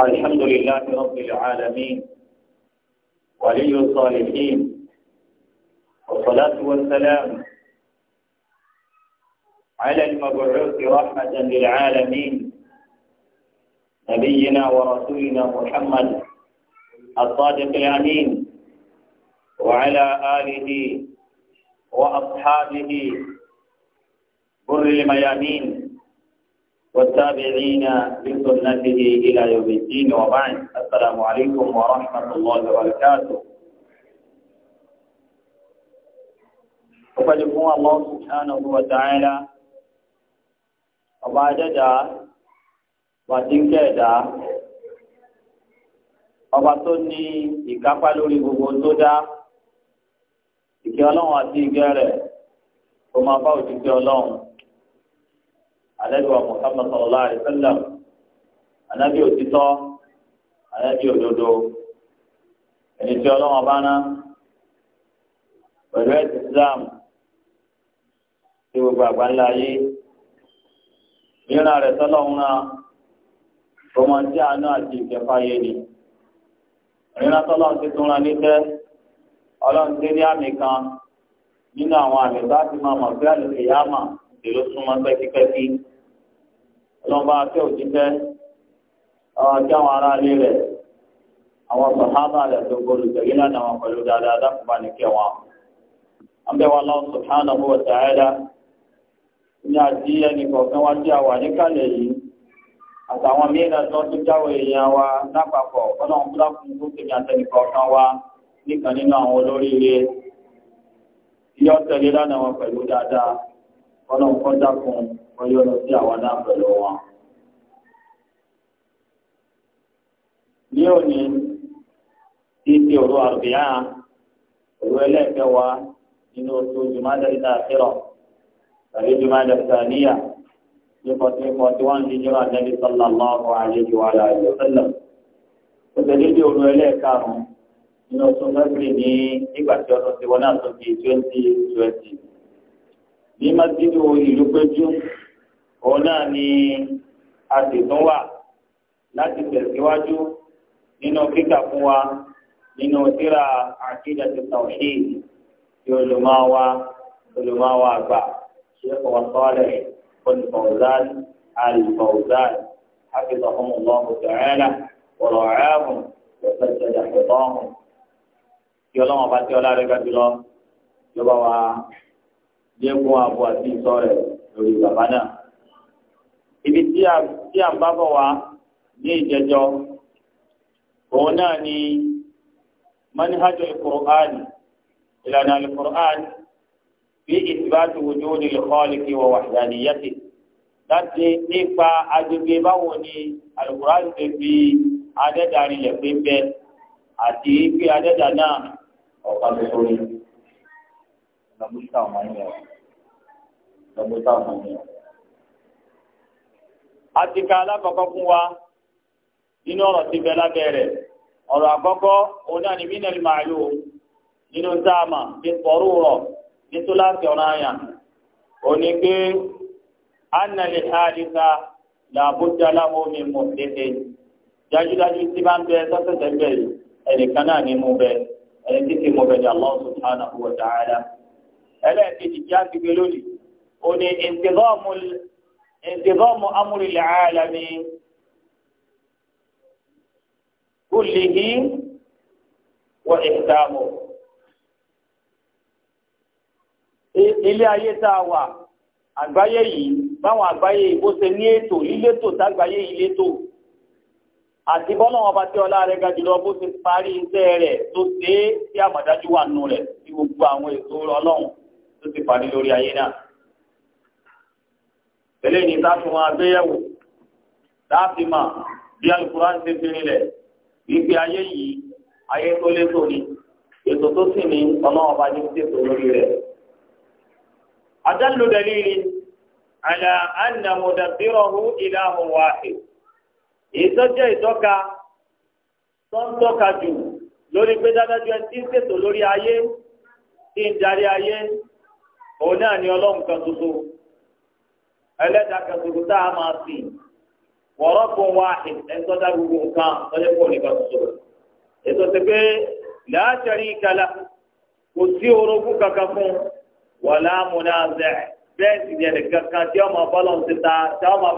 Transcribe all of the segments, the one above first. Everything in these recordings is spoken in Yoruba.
الحمد لله رب العالمين ولي الصالحين والصلاة والسلام على المبعوث رحمة للعالمين نبينا ورسولنا محمد الصادق الأمين وعلى آله وأصحابه بر الميامين والتابعين بسنته إلى يوم الدين وبعد السلام عليكم ورحمة الله وبركاته ọpẹ́lẹ́fún Allah subhanahu wa ta'ala ọba ajẹ́dá wàdíkẹ́ẹ̀dá ọba tó ní ìkápá lórí gbogbo tó dá ìkẹ́ ọlọ́run àti ìgẹ́ rẹ̀ kó máa bá òjijì ọlọ́run alẹ́lúwa muhammad sallallahu alayhi wa sallam anabi òtítọ́ anabi òdodo ẹni tí ọlọ́wọ́n bá ná pẹ̀lú ẹ̀sìn islam tí gbogbo àgbáńlá ayé ìran rẹ̀ sọ́lọ́run náà ọmọ tí a náà ti ìkẹfà yé ni ìran sọ́lọ́run ti tún ra níṣẹ́ ọlọ́run ti ní àmì kan nínú àwọn àmì bá ti máa mọ̀ sí àlùkè yá mà èló súnmọ́ pẹ́kípẹ́kí ọlọ́mọba afẹ́ òjíṣẹ́ ọjọ́ àwọn aráalé rẹ̀ àwọn sọ̀hábà rẹ̀ tó gbólùgbẹ̀yí lánàá wọn pẹ̀lú dáadáa dákùnbà ní kẹwọn. àbẹ̀wò Allah subhanahu wa ta'ala ní àti ẹnì kọ̀ọ̀kan wá sí àwà níkàlẹ̀ yìí àtàwọn mìíràn tó tún jáwé èèyàn wa lápapọ̀ ọlọ́run fúlákùn tó tèmi àtẹnì kọ̀ọ̀kan wá nìkan nínú àwọn olóríire yọ tẹ̀lé lánàá wọn pẹ̀lú dáadáa kọ́nà kọ́ dákun ọyọ́ lọ sí àwọn náà pẹ̀lú ní òní tí ti àrùbíyá òru ẹlẹ́ẹ̀kẹwàá nínú oṣù jùmọ́dẹ́ta àkérò tàbí jùmọ́dẹ́ta níyà ní fourteen forty one hijira nabi sallallahu alayhi wa alayhi wa sallam. ẹlẹ́ẹ̀karùn-ún nínú oṣù fẹ́fìrì ní ìgbà tí ọdún ti wọ́n náà tó di twenty ní masjidu ìlú péjú òun náà ni a sì tún wà láti tẹ̀síwájú nínú kíkà fún wa nínú tírà àkídàtu tawhid tí olùmọ̀wá olùmọ̀wá àgbà Sheikh wa Salih al-Fawzan al-Fawzan hafizahum Allah ta'ala wa ra'ahum wa sajjada hifdahum tí ọlọ́wọ́n bá tí ọlá wa lékún ààbò àti ìsọ rẹ̀ lórí bàbá náà. ibi tí a tí a bá bọ̀ wá ní ìjẹjọ òun náà ni manhaj al-Qur'an ìlànà al-Qur'an bí ìtìbátu wujudi al-khaliqi wa wahdaniyati láti nípa agbègbè báwo ni al-Qur'an ti fi adẹ́dàrin lẹ̀ pé bẹ́ẹ̀ àti pé adẹ́dà náà ọ̀kan tuntun ni. Ìgbàgbọ́sí lọ́gbọ́n táwọn yẹn. a ti ka alákọ̀ọ́kọ́ fún wa nínú ọ̀rọ̀ ti bẹ lábẹ́ rẹ̀ ọ̀rọ̀ àkọ́kọ́ òun náà ní mínẹ́lì màálù nínú táàmà ní pọ̀rú rọ̀ ní tó láti ọ̀rọ̀ àyà òní pé annali hadisa làbújá láhómi mọ̀ tètè dájúdájú tí bá ń bẹ sọ́sẹ̀sẹ̀ bẹ̀ yìí ẹnìkan náà ní mú bẹ ẹni títí mú bẹ ní Allah subhanahu wa ta'ala ẹlẹ́ẹ̀kejì jẹ́ àgbègbè lónìí òní ìntìgọ́ọ̀mù ìntìgọ́ọ̀mù amúrilẹ̀ àlàmì kùlìhí wọ ìdààmú. ilé ayé tá a wà àgbáyé yìí báwọn àgbáyé ìbò ṣe ní ètò lílétò tágbáyé yìí létò àti bọ́lá wọn bá tẹ ọlá rẹ̀ ga jùlọ bó ṣe parí iṣẹ́ rẹ̀ tó ṣe é tí àmọ̀dájú wà nù rẹ̀ tí gbogbo àwọn ètò ọlọ́run tó ti parí lórí ayé náà eléyìí ní táàfin wọn agbéyẹ̀wò táàfin mà bí alukuran ṣe fi rinlẹ̀ wípé ayé yìí ayé tó létò ni ètò tó sì ní ọlọ́run ọba ní tètò lórí rẹ̀. adallu dalili ala anna mudabbirahu ilahun wahid ìtọ́jẹ́ ìtọ́ka tó ń tọ́ka jù lórí pé dáadájú ẹ ti ń ṣètò lórí ayé tí ń darí ayé òun náà ni ọlọ́run kan tuntun. ẹlẹ́dàá kẹsùkú tá a máa sìn wọ́rọ́ fún wa ẹ̀ńtọ́dá gbogbo nǹkan lọ́jọ́ fún òní kan sọ̀rọ̀ ètò ti pé làásẹ̀rí kala kò sí orogún kankan fún wàlá múnazẹ̀ bẹ́ẹ̀ sì yẹn kankan tí ọmọ bọ́lọ̀ ta tí ọmọ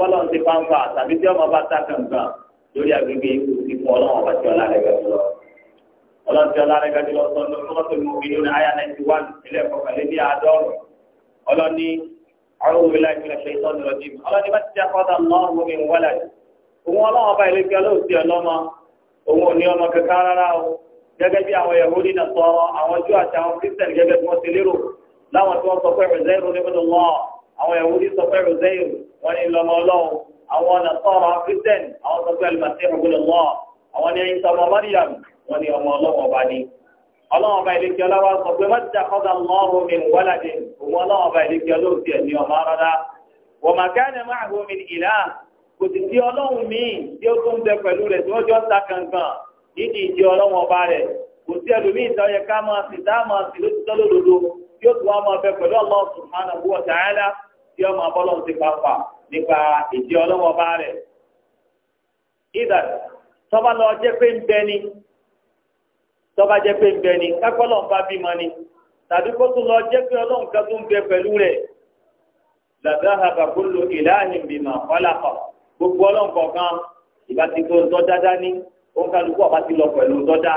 tàbí tí ọmọ bá ta kankan lórí agbègbè kò sí fún ọlọ́wọ́n أعوذ بالله من الشيطان الرجيم الله ni bá ti jáfọ́dá lọ́wọ́ mi wọlé òun ọlọ́wọ́ bá ilé gbẹ́ lóòsì ọlọ́mọ òun ò ní ọmọ kankan rárá o gẹ́gẹ́ bí àwọn Yahudi náà sọ àwọn Júù àti àwọn Christian gẹ́gẹ́ ọlọ́wọ́n bá ilé kí ọlọ́wọ́ sọ pé wọ́n ti dàkọ́dà lọ́rùn mi wọ́ládé òun ọlọ́wọ́n bá ilé kí ọlọ́run tiẹ̀ ní ọmọ rárá wọ́n máa ká ní máa hùwà mi ìlà kò sì sí ọlọ́run míì tí ó tún bẹ pẹ̀lú rẹ̀ tí wọ́n jọ ta kankan nídìí ìdí ọlọ́wọ́n ọba rẹ̀ kò sí ẹlòmíì tó yẹ ká máa sì dá máa sì ló ti tọ́ lódodo tí ó tún wá máa bẹ pẹ̀lú Allah subhanahu tọ́ba jẹ́ pé ń bẹ ni kákọ́lọ́ ń bá bímọ ni tàbí kó tún lọ jẹ́ pé ọlọ́run kan tó ń bẹ pẹ̀lú rẹ̀ lazahaba kullu ilahin bima khalaqa gbogbo ọlọ́run kọ̀ọ̀kan ìbá ti tó ń tọ́ dáadáa ní òun kálukú ọba ti lọ pẹ̀lú tọ́jà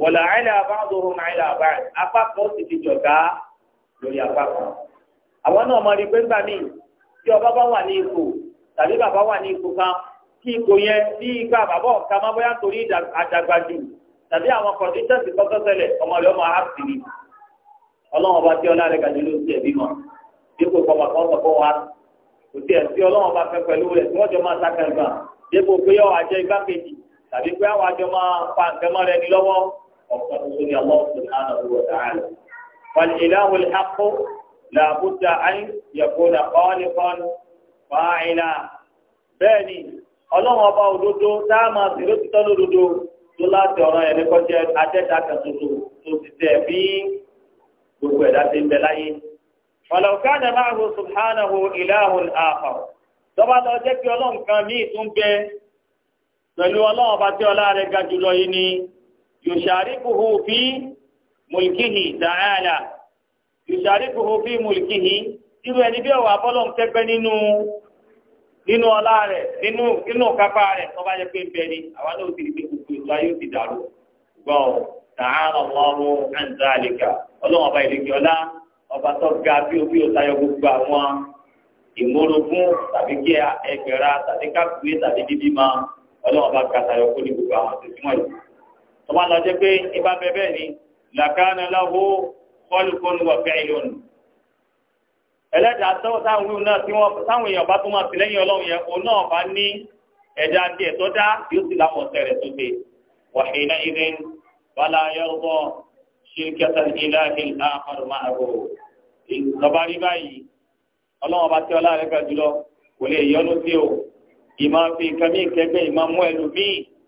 wọ̀là àìlà ba'duhum àìlà báyìí apá kan ó sì ti jọ̀gá lórí apá kan. àwọn náà mọ rí pé ńgbà míì tí ọba bá wà ní ipò tàbí bàbá wà ní ipò kan kí ipò yẹn bí ipa bàbá ọ̀ka tàbí àwọn kọ̀ǹdíṣẹ́ǹsì kọ́kọ́ ṣẹlẹ̀ ọmọ rẹ̀ ọmọ áàpì ni ọlọ́run ọba tí ọlá rẹ̀ gàdé ló ti ẹ̀bí mọ̀ dípò kọ́mọ kan sọ fún wa kò tí ẹ̀ sí ọlọ́run ọba fẹ́ pẹ̀lú rẹ̀ tí wọ́n jọ máa sákẹ́ nǹkan dípò pé ọ̀ àjẹ igbákejì tàbí pé àwọn àjọ máa pa nǹkan mọ́ rẹ̀ ní lọ́wọ́ ọ̀pọ̀ tuntun ni ọlọ́run فالإله الحق لا بد أن يكون خالقا فاعلا bẹ́ẹ̀ni Ọlọ́run ọba òdodo tá a máa ti tọ́ tó láti ọ̀rọ̀ yẹn ní kọjá adẹ́ta kan tuntun tó ti tẹ̀ bí gbogbo ẹ̀dá ti ń bẹ láyé. ọ̀làwùká ni máa ro subhanahu ilahun akhar tọ́ba lọ jẹ́ kí ọlọ́run kan míì tún bẹ pẹ̀lú ọlọ́run bá tí ọlá rẹ̀ ga jùlọ yìí ni yòṣàríkùhù fi mùlkìhì ta'ala yòṣàríkùhù fi mùlkìhì irú ẹni bí ọ̀wà bọ́lọ̀ nínú ọlá rẹ̀ nínú nínú kápá rẹ̀ tó bá yẹ pé bẹ́ẹ̀ ni àwọn náà ti rí pé gbogbo ètò ayé ó ti dàrú gbọ́ tààrà ọlọ́run àǹtá àlèkà ọlọ́run ọba ìlẹ̀kẹ́ ọlá ọba tó ga bí o bí tayọ gbogbo àwọn ìmúrogún tàbí kí ẹgbẹ̀ra tàbí kápùwé tàbí bíbí ma ọlọ́run ọba ga tayọ kó ní gbogbo àwọn àti símọ́ yìí. tó bá lọ jẹ́ pé ibà bẹ́ẹ̀ ni làkánná ẹlẹ́dàá tó táwọn wíwú náà tí wọ́n táwọn èèyàn bá tó máa fi lẹ́yìn ọlọ́run yẹn òun náà bá ní ẹ̀dá díẹ̀ tó dá yóò sì láwọn ọ̀sẹ̀ rẹ̀ tó gbé wàhíná ìdín bala yọrọ ṣirikẹta ìlàhìn àkàrọ̀ máa rò ìjọba rí báyìí ọlọ́run ọba tí ọlá rẹ̀ ga jùlọ kò lè yọnu sí o ìmọ̀ fi kẹ́mí kẹgbẹ́ ìmọ̀ mú ẹlòmíì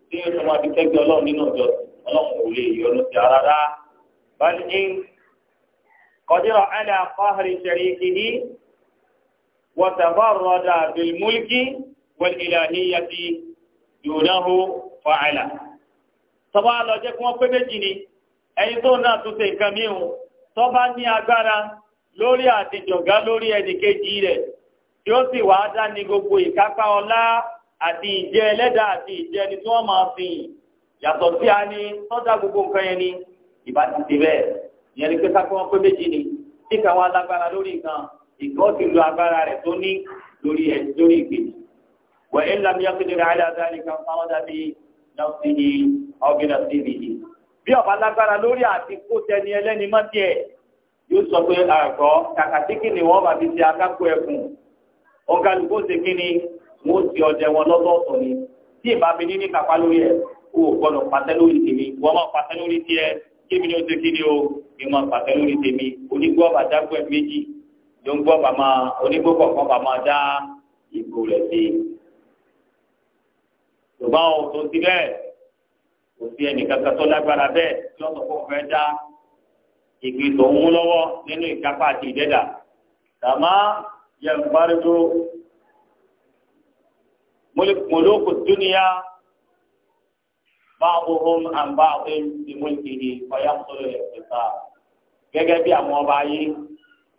tí yóò tó máa fi kẹgbẹ́ ọlọ́run nínú ọjọ́ ọlọ́run kò lè yọnu sí rárá báyìí قدر على قهر شريكه وتفرد بالملك والإلهية دونه فعلا tọ́ba lọ jẹ́ kí wọ́n pé méjì ni ẹni tó náà tún ṣe nǹkan mìíràn tọ́ba ní agbára lórí àtijọ̀gá lórí ẹnìkejì rẹ̀ tí ó sì wàá dání gbogbo ìkápá ọlá àti ìjẹ́ ẹlẹ́dàá àti ìjẹ́ ẹni tí wọ́n máa fi yàtọ̀ sí a ní tọ́jà gbogbo nǹkan yẹn ni ìbá ti ti bẹ́ẹ̀ ìyẹn ni pé ká fún wọn pé méjì ni tí ká wọn lágbára lórí nǹkan ìkan ti lo agbára rẹ̀ tó ní lórí ẹ̀ lórí ìgbèjì wà ẹ̀ ńlá mi ọ̀kẹ́ lórí àyà dáa nìkan fáwọn dàbí nọ́ọ̀sì ni ọ̀gbìnà sí ibi yìí bí ọba lágbára lórí àti kó tẹni ẹlẹ́ni mọ́ tiẹ̀ yóò sọ pé àgọ́ kàkàtíkì ni wọ́n máa fi ṣe akáko ẹkùn ọ̀gálugbó ṣe kí ni wọ́n ti ọ̀dẹ̀ wọn lọ́tọ̀ọ̀tọ̀ ni tí ìbá mi ní ní kápá lórí ẹ̀ kó o gbọ́dọ̀ pàtẹ́ lórí tèmi wọ́n máa pàtẹ́ lórí tiẹ̀ kémi ni ó ṣe kíni o kí n máa pàṣẹ lórí tèmi onígbọ́ọ̀bà dágbọ́ ẹ̀ méjì ló ń gbọ́ọ̀bà máa onígbọ́ọ̀bà kan bá máa dá ìbò rẹ̀ sí i. yorùbá o tó ti bẹ́ẹ̀ kò sí ẹnìkankan tó lágbára bẹ́ẹ̀ tí wọ́n sọ fún ọ̀fẹ́ dá ìgbín tó ń mú lọ́wọ́ nínú ìkápá àti ìdẹ́dà tàmá yẹn gbárígbó mọ́lẹ́kùn olókùn dúnìyà báwòhùn àǹbáwòhùn ìmúlùkìhì ọ̀yàtọ̀rọ̀ ẹ̀fẹ̀ta. gẹ́gẹ́ bí àwọn ọba ayé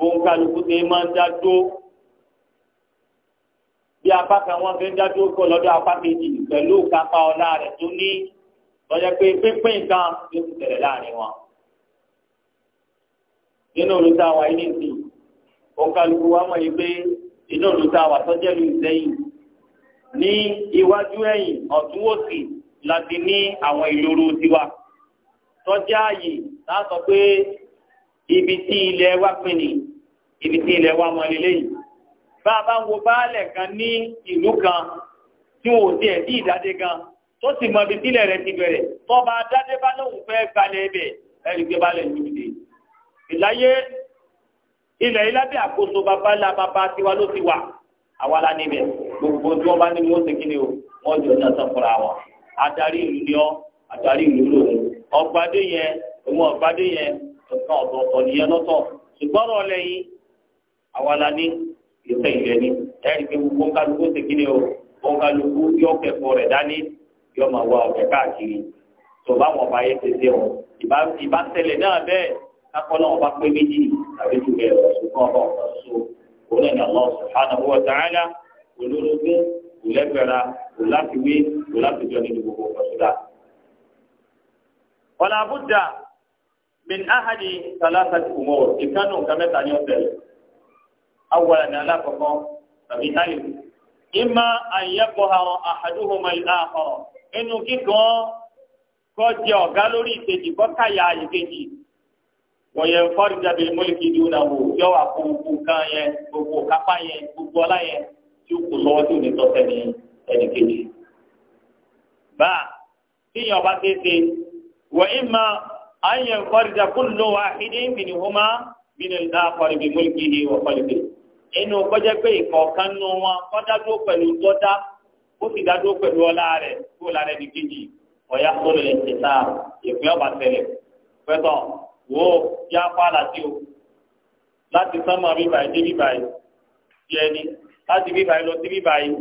òǹkàlùkù ṣe máa ń dájó bí apá kan wọ́n fi ń dájó kó lọ́dọ̀ apá kejì pẹ̀lú kápá ọlá rẹ̀ tó ní lọ́jọ́ pé pínpín nǹkan ló ti tẹ̀lẹ̀ láàrin wọn. nínú olùta wa yìí nìsí òǹkàlùkù wa mọ̀ yìí pé inú olùta wa tọ́jẹ́ ìsẹ́yìn ní iwájú ẹ̀yìn ọ̀túnwòsì láti ní àwọn ìloro tiwa tọ́jà ààyè láàtọ̀ pé ibi tí ilẹ̀ wa pin ni ibi tí ilẹ̀ wa mọ̀ lélẹ́yìn bá a bá ń wo baálẹ̀ kan ní ìlú kan tí wọn ò tiẹ̀ bí ìdádé gan tó sì mọ ibi tílẹ̀ rẹ ti bẹ̀rẹ̀ tọ́ba adádé bá lóun fẹ́ gbalẹ̀ ẹbẹ̀ ẹ̀rí gbé balẹ̀ lóde ìláyé ilẹ̀ yìí lábẹ́ àkóso bàbá ńlá bàbá tiwa ló ti wà àwa la níbẹ̀ gbogbo tí wọ́n bá ní wọ́n kí ni o wọ́n jọ ní ọ̀sán fúnra wọn adarí ìlú ni ọ adarí ìlú lòun ọgbadé yẹn òun ọgbadé yẹn nǹkan ọ̀tọ̀ọ̀tọ̀ nìyẹn lọ́tọ̀ ṣùgbọ́n rọ̀ lẹ́yìn àwa la ní ìfẹ́ ìfẹ́ ni ẹ̀rí pé gbogbo kálukú ṣe kíni o gbogbo kálukú yọ kẹfọ́ rẹ̀ dání yọ máa wá ọ̀rẹ́ káàkiri tó bá wọn bá yẹ tètè o ìbá ṣẹlẹ̀ náà bẹ́ẹ̀ kákọ́lọ́ wọn bá pé méjì tàbí jù bẹ́ẹ̀ lọ ṣùgbọ́n ọ̀rọ̀ ọ̀rọ̀ ṣo òun náà ni kò lẹ́gbẹ̀ra kò láti wí kò láti jọ nínú gbogbo ọ̀ṣọ́dá. ọ̀nà àbújá min ahadi talata ti kùmọ̀ ìkànnì nǹkan mẹ́ta ní ọ̀sẹ̀ rẹ̀ awọ́ra ní alákọ̀ọ́kọ́ tàbí táyì. ìmọ̀ àyẹ̀kọ̀ àwọn àhàdúhùmọ̀ ìlà àkọ́rọ̀ inú kíkan kọ́ jẹ ọ̀gá lórí ìkejì kọ́ káyà ìkejì wọ̀nyẹ fọ́ọ̀rì dàbí mọ́lìkì dùn náà wò yọ àpò gbogbo kan yẹn gbogbo kápá yẹn gbogbo ọlá yẹn yóò kó sọ́wọ́ tí ò ní tọ́ sẹ́ni ẹnì kejì. bá a tíyàn bá ti ṣe wọ́n ì máa àyàn fọ́rìjà kó ló wá ìdí ìbìnì homa bínú ìdá àfọ̀rìbì mọ́lìkìhì wọ́n fọ́rìbì. inú kọjá pé ìkọ̀ọ̀kan nù wọn kọ́ dádó pẹ̀lú tọ́dá ó sì dádó pẹ̀lú ọlá rẹ̀ kó lára ẹnì kejì ọ̀yá sọ́lọ̀ ẹ̀ ṣe sáà ìpín ọ̀bà tẹ̀lẹ̀ pẹ́tọ̀ wo yá fáàlà sí o láti sánmọ́ bíbáyé dé bí ẹni láti bí báyìí lọ sí bí báyìí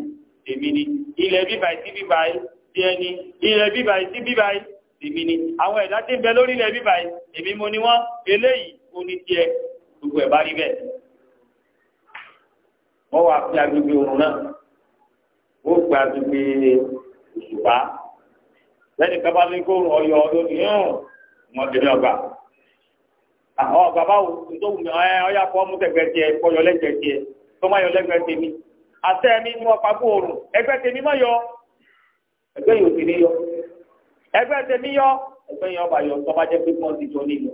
tèmi ni ilẹ̀ bí báyìí sí bí báyìí ti ẹni ilẹ̀ bí báyìí sí bí báyìí tèmi ni àwọn ẹ̀dá tí ń bẹ lórí ilẹ̀ bí báyìí èmi mo ni wọ́n eléyìí ó ní tiẹ̀ gbogbo ẹ̀ bá rí bẹ́ẹ̀. wọ́n wá fi agbègbè òrùn náà ó gba agbègbè òṣùpá lẹ́yìn kaba ní kó ọyọ lónìí hàn wọ́n tẹ̀lé ọgbà. àwọn ọgbà báwo ọyà fọ́ mú tẹ̀gbẹ́ tiẹ̀ kọ́yọ lẹ́gbẹ̀ẹ́ tiẹ̀ tó má yọ lẹ́gbẹ̀ẹ́ tèmi àtẹ mi ní ọ̀pá gbòòrùn ẹgbẹ́ tèmi yọ ẹgbẹ́ yóò ní yọ ẹgbẹ́ yọ ẹgbẹ́ ọba yọ tọ́ba jẹ́ pípọ́n ti tó nílò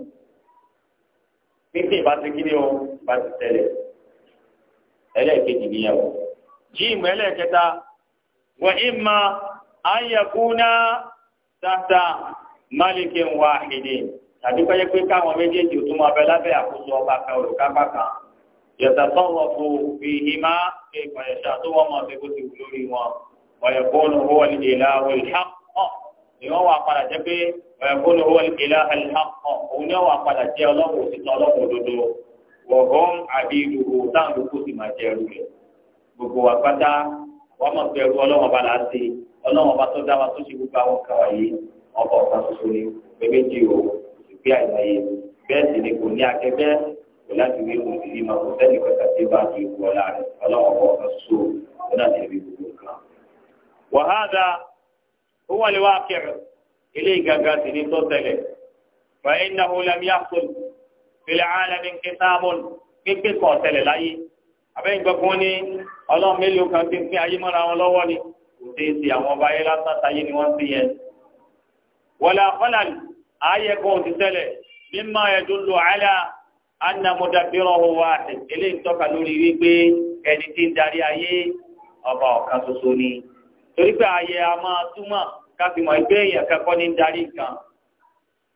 pínpín ìbáṣe o ìbáṣe ẹlẹ́ẹ̀kejì nìyẹn o jíìmù ẹlẹ́ẹ̀kẹta wọ́n tàbí méjèèjì ò tún máa ọba kan olùkápá kan. yàtàtọ̀wọ̀fù fìhìmá kéèkà ẹ̀ṣà tó wọ́n máa fẹ́kọ́ ti wù lórí wọn wọ̀yẹ̀kọ́nù owó ìlà ìlhàkọ́ ni wọ́n wà padà jẹ́ pé wọ̀yẹ̀kọ́nù owó ìlà ìlhàkọ́ òun ni wọ́n wà padà jẹ́ ọlọ́wọ́ òtítọ́ ọlọ́wọ́ òdodo wọ̀gọ́n àbí ìdòwò táwọn olùkó sì máa jẹ́ ẹrú rẹ̀ gbogbo wa wọ́n máa fẹ́ ẹrú ọlọ́wọ́n bá la ṣe ọlọ́wọ́n bá tó dá tó ṣe gbogbo àwọn kàwá yìí láti wí kò sí ní ma kò sẹ́ni kẹta tí bá ti wọ láàrin ọlọ́wọ́ bọ̀ ọ̀kan so ó náà tẹ̀lé gbogbo nǹkan. wàhálà ó wà lè wá kẹrẹ ilé ìgàgà sì ní tó tẹ̀lé wà á iná wọlé mi àkọlù fìlẹ̀ àlàmì kẹtàbọ̀n pípé kọ̀ tẹ̀lé láyé abẹ́yìn gbọ́ ní ọlọ́run mélòó kan ti ń ayé mọ́ra wọn lọ́wọ́ ni kò sí ti àwọn ọba ayé lásán táyé ni wọ́n ti yẹn. wọlé àkọlà ayẹ kan ò ti tẹ̀lé mímọ́ ẹ̀dùn lò áyà anamudabirahu wahid eléyìí tọ́ka lórí wípé ẹni tí ń darí ayé ọba ọ̀kan ṣoṣo ni torí pé ayé a máa túmọ̀ káfí mọ̀ ẹgbẹ́ èèyàn kankan ní darí nǹkan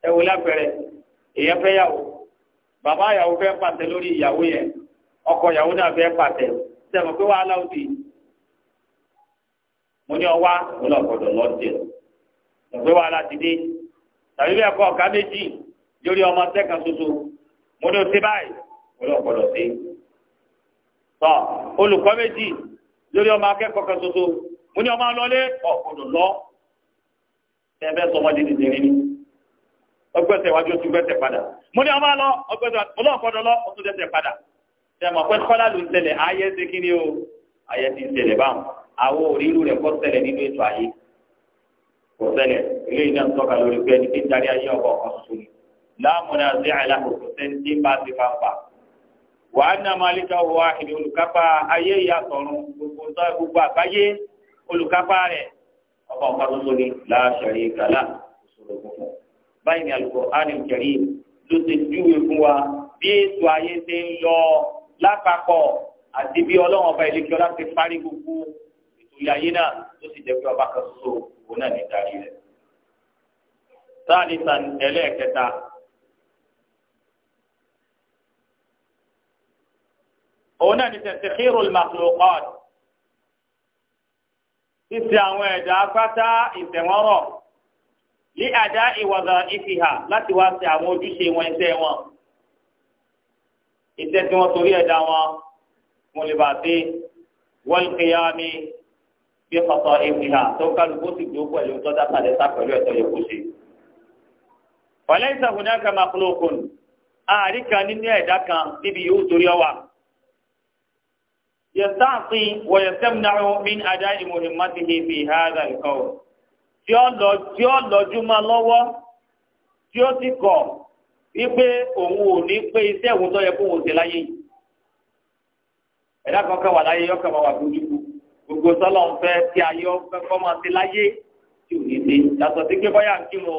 ẹ wò lápẹẹrẹ èèyàn fẹ́ yàwó bàbá yàwó fẹ́ pàtẹ lórí ìyàwó yẹn ọkọ yàwó náà fẹ́ pàtẹ sẹ́mu pé wàá láwùjọ mo ní ọwá mo lọ gbọdọ̀ mo pé wàá láti dé tàbí bẹ́ẹ̀ kọ́ ọ̀ká méjì lórí ọmọ sẹ́kan ṣoṣo mo ní o ṣe báyìí mo ní o gbọ́dọ̀ ṣe. tọ olùkọ́ méjì lórí ọmọ akẹ́kọ̀ọ́ kan ṣoṣo mo ní ọmọ lọlé ọ̀gbọ́dọ̀ lọ ẹ̀fẹ́ sọmọdé ti dèrè ni ọgbẹ́sẹ̀ wájú oṣù gbẹ́sẹ̀ padà mo ní ọmọ lọ ọgbẹ́sẹ̀ ọlọ́ọ̀gbọ́dọ̀ lọ oṣù gbẹ́sẹ̀ padà tẹmọ pé kọ́lá ló ń ṣẹlẹ̀ ayé ṣe kí ni o ayé ti ń ṣẹlẹ̀ báwọn àwọn òrìrù rẹ̀ kọ́ ṣẹlẹ̀ nínú ètò ayé kò ṣẹlẹ̀ ilé iná lórí pé ẹni tí ń darí ayé ọkọ̀ ọ̀kan láàmúnà sí àìláhùn sẹ́ńtì bá ti fàǹfà. wàá ní amalika wọ àhìlì olùkápá ayé ìyàtọ̀run gbogbo tọ́ gbogbo àgbáyé olùkápá rẹ̀ ọba ọ̀ka tó tóni láṣẹ̀rí gàlá òṣòro gbogbo. báyìí ni Al-Qur'an Al-Karim ló ti júwe fún wa bí ètò ayé ti ń lọ lápapọ̀ àti bí ọlọ́run ọba ìlẹ́kẹ́ ọlá ti parí gbogbo ètò ilé náà tó sì jẹ́ pé ọba kan ṣoṣo òun náà ní ìdarí rẹ̀. sáà ní sàn ẹlẹ́ẹ̀kẹta òun náà ni tẹ̀síkírù màkùlùkọ́t títí àwọn ẹ̀dá pátá ìtẹ̀wọ́rọ̀ lé àdá ìwàdà ìfìhà láti wá sí àwọn ojúṣe wọn iṣẹ́ wọn iṣẹ́ tí wọ́n torí ẹ̀dá wọn wọn lè bá dé wọ́n kì yá mi bí kọ̀tọ̀ ìfìhà tó kálukú sì dúró pẹ̀lú tọ́jà sàdẹ́sà pẹ̀lú ẹ̀tọ́ yẹ ṣe. wọ́n lẹ́yìn sàkúnyà kà màkùlùkùn àríkà nínú ẹ̀dá kan níbi yóò torí ọ يستعصي ويستمنع من أداء مهمته في هذا القول tí ó lọ tí ó lọ́jú máa lọ́wọ́ tí ó ti kọ̀ wípé òun ò ní pé iṣẹ́ òun tó yẹ kó òun ṣe láyé yìí ẹ̀dá kan kan wà láyé yọ kàn máa wà gbójúkú gbogbo sọ́lọ́ ń fẹ́ kí ayé ọ̀fẹ́ kọ́ máa ṣe láyé tí ò ní ṣe yàtọ̀ sí pé bọ́yà ń kírun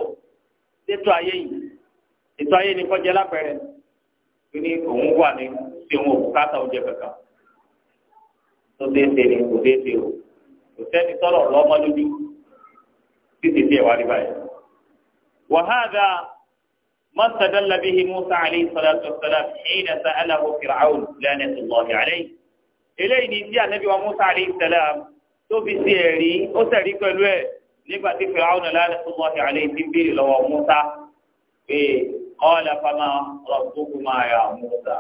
o ayé yìí ètò ayé ni kọjá lápẹ̀rẹ̀ ní òun wà ní tí òun ò bùkátà oúnjẹ kankan tó déédé ni kò déédé o kò sẹ́ni tọ́lọ̀ lọ́mọ lójú títí tí ẹ wá rí báyìí. وهذا ما استدل به موسى عليه الصلاة والسلام حين سأله فرعون لعنة الله عليه eléyìí ni tí anabi wa musa alayhi salam tó fi sí ẹ̀rí ó sẹ̀rí pẹ̀lú ẹ̀ nígbà tí fìràwọn lálẹ́ tó wọ́n fi alayhi ti béèrè lọ́wọ́ musa pé qala fama rabbukuma ya musa.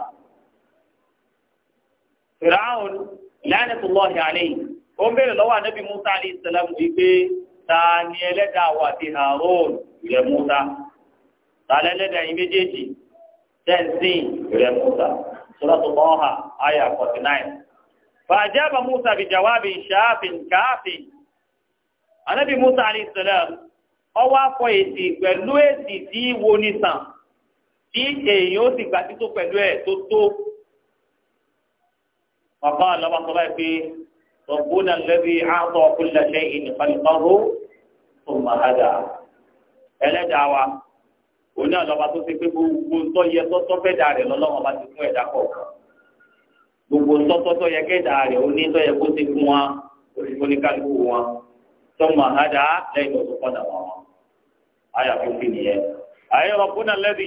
fìràwọn la'natullahi alayhi ó ń bèrè lọ́wọ́ anábì musa alayhi salam yìí pé ta ni ẹlẹ́dàá wa ti Harun rẹ̀ musa ta lẹ́lẹ́dàá yìí méjèèjì tẹ́ǹsìn rẹ̀ musa suratu Taha aya forty nine. fàjábà musa bi jawabi ṣáàfin káàfin anábì musa alayhi salam ọwọ́ akọ èsì pẹ̀lú èsì tí wo ní sàn tí èèyàn ó sì gbà tító pẹ̀lú ẹ̀ tó tó bàbá àlọ́wọ́ sọ báyìí pé ọ̀gbọ́n lẹ́bi àtọ̀ kúlẹ̀ṣẹ́ ìnìkanìkanró tó máa ha dà ẹlẹ́dàá wa òun náà lọ́ba tó ṣe pé gbogbo ńtọ́ yẹ tọ́tọ́ fẹ́ dà rẹ̀ lọ́lọ́wọ́ bá ti fún ẹ̀dá kọ̀ọ̀kan gbogbo ńtọ́tọ́ tó yẹ kẹ́ dà rẹ̀ ó ní kó ti fún wa oníkálukú wọn tó máa ha dà lẹ́yìn tó kọ́ dà wọn ayà fi nìyẹn. àyẹ̀wò kúnà lẹ́bi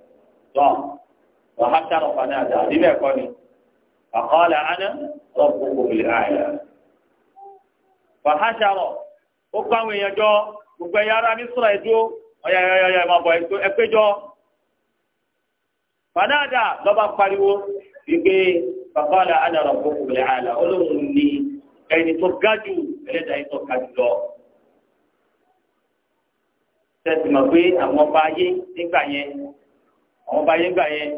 tán wàhá sáró fana àdá níbẹ̀ kọ́ ni àkọọ́lẹ̀ àná rọ́pò òbílẹ̀ àyà. wàhá sáró ó kọ́ àwọn èèyàn jọ gbogbo ẹ̀yà ara ní sọ̀rọ̀ ẹ̀dúró ọ̀yà ọ̀yà ọ̀yà ìmọ̀ bọ̀ ẹ̀pẹ́jọ. fana àdá lọ́ba pariwo wípé àkọọ́lẹ̀ àná rọ́pò òbílẹ̀ àyà olóhùn ni ẹni tó gájù ẹlẹ́dàá yìí tó gájù lọ tẹsí ma pé àwọn ọba ayé nígbà yẹn àwọn bá yẹn gbà yẹn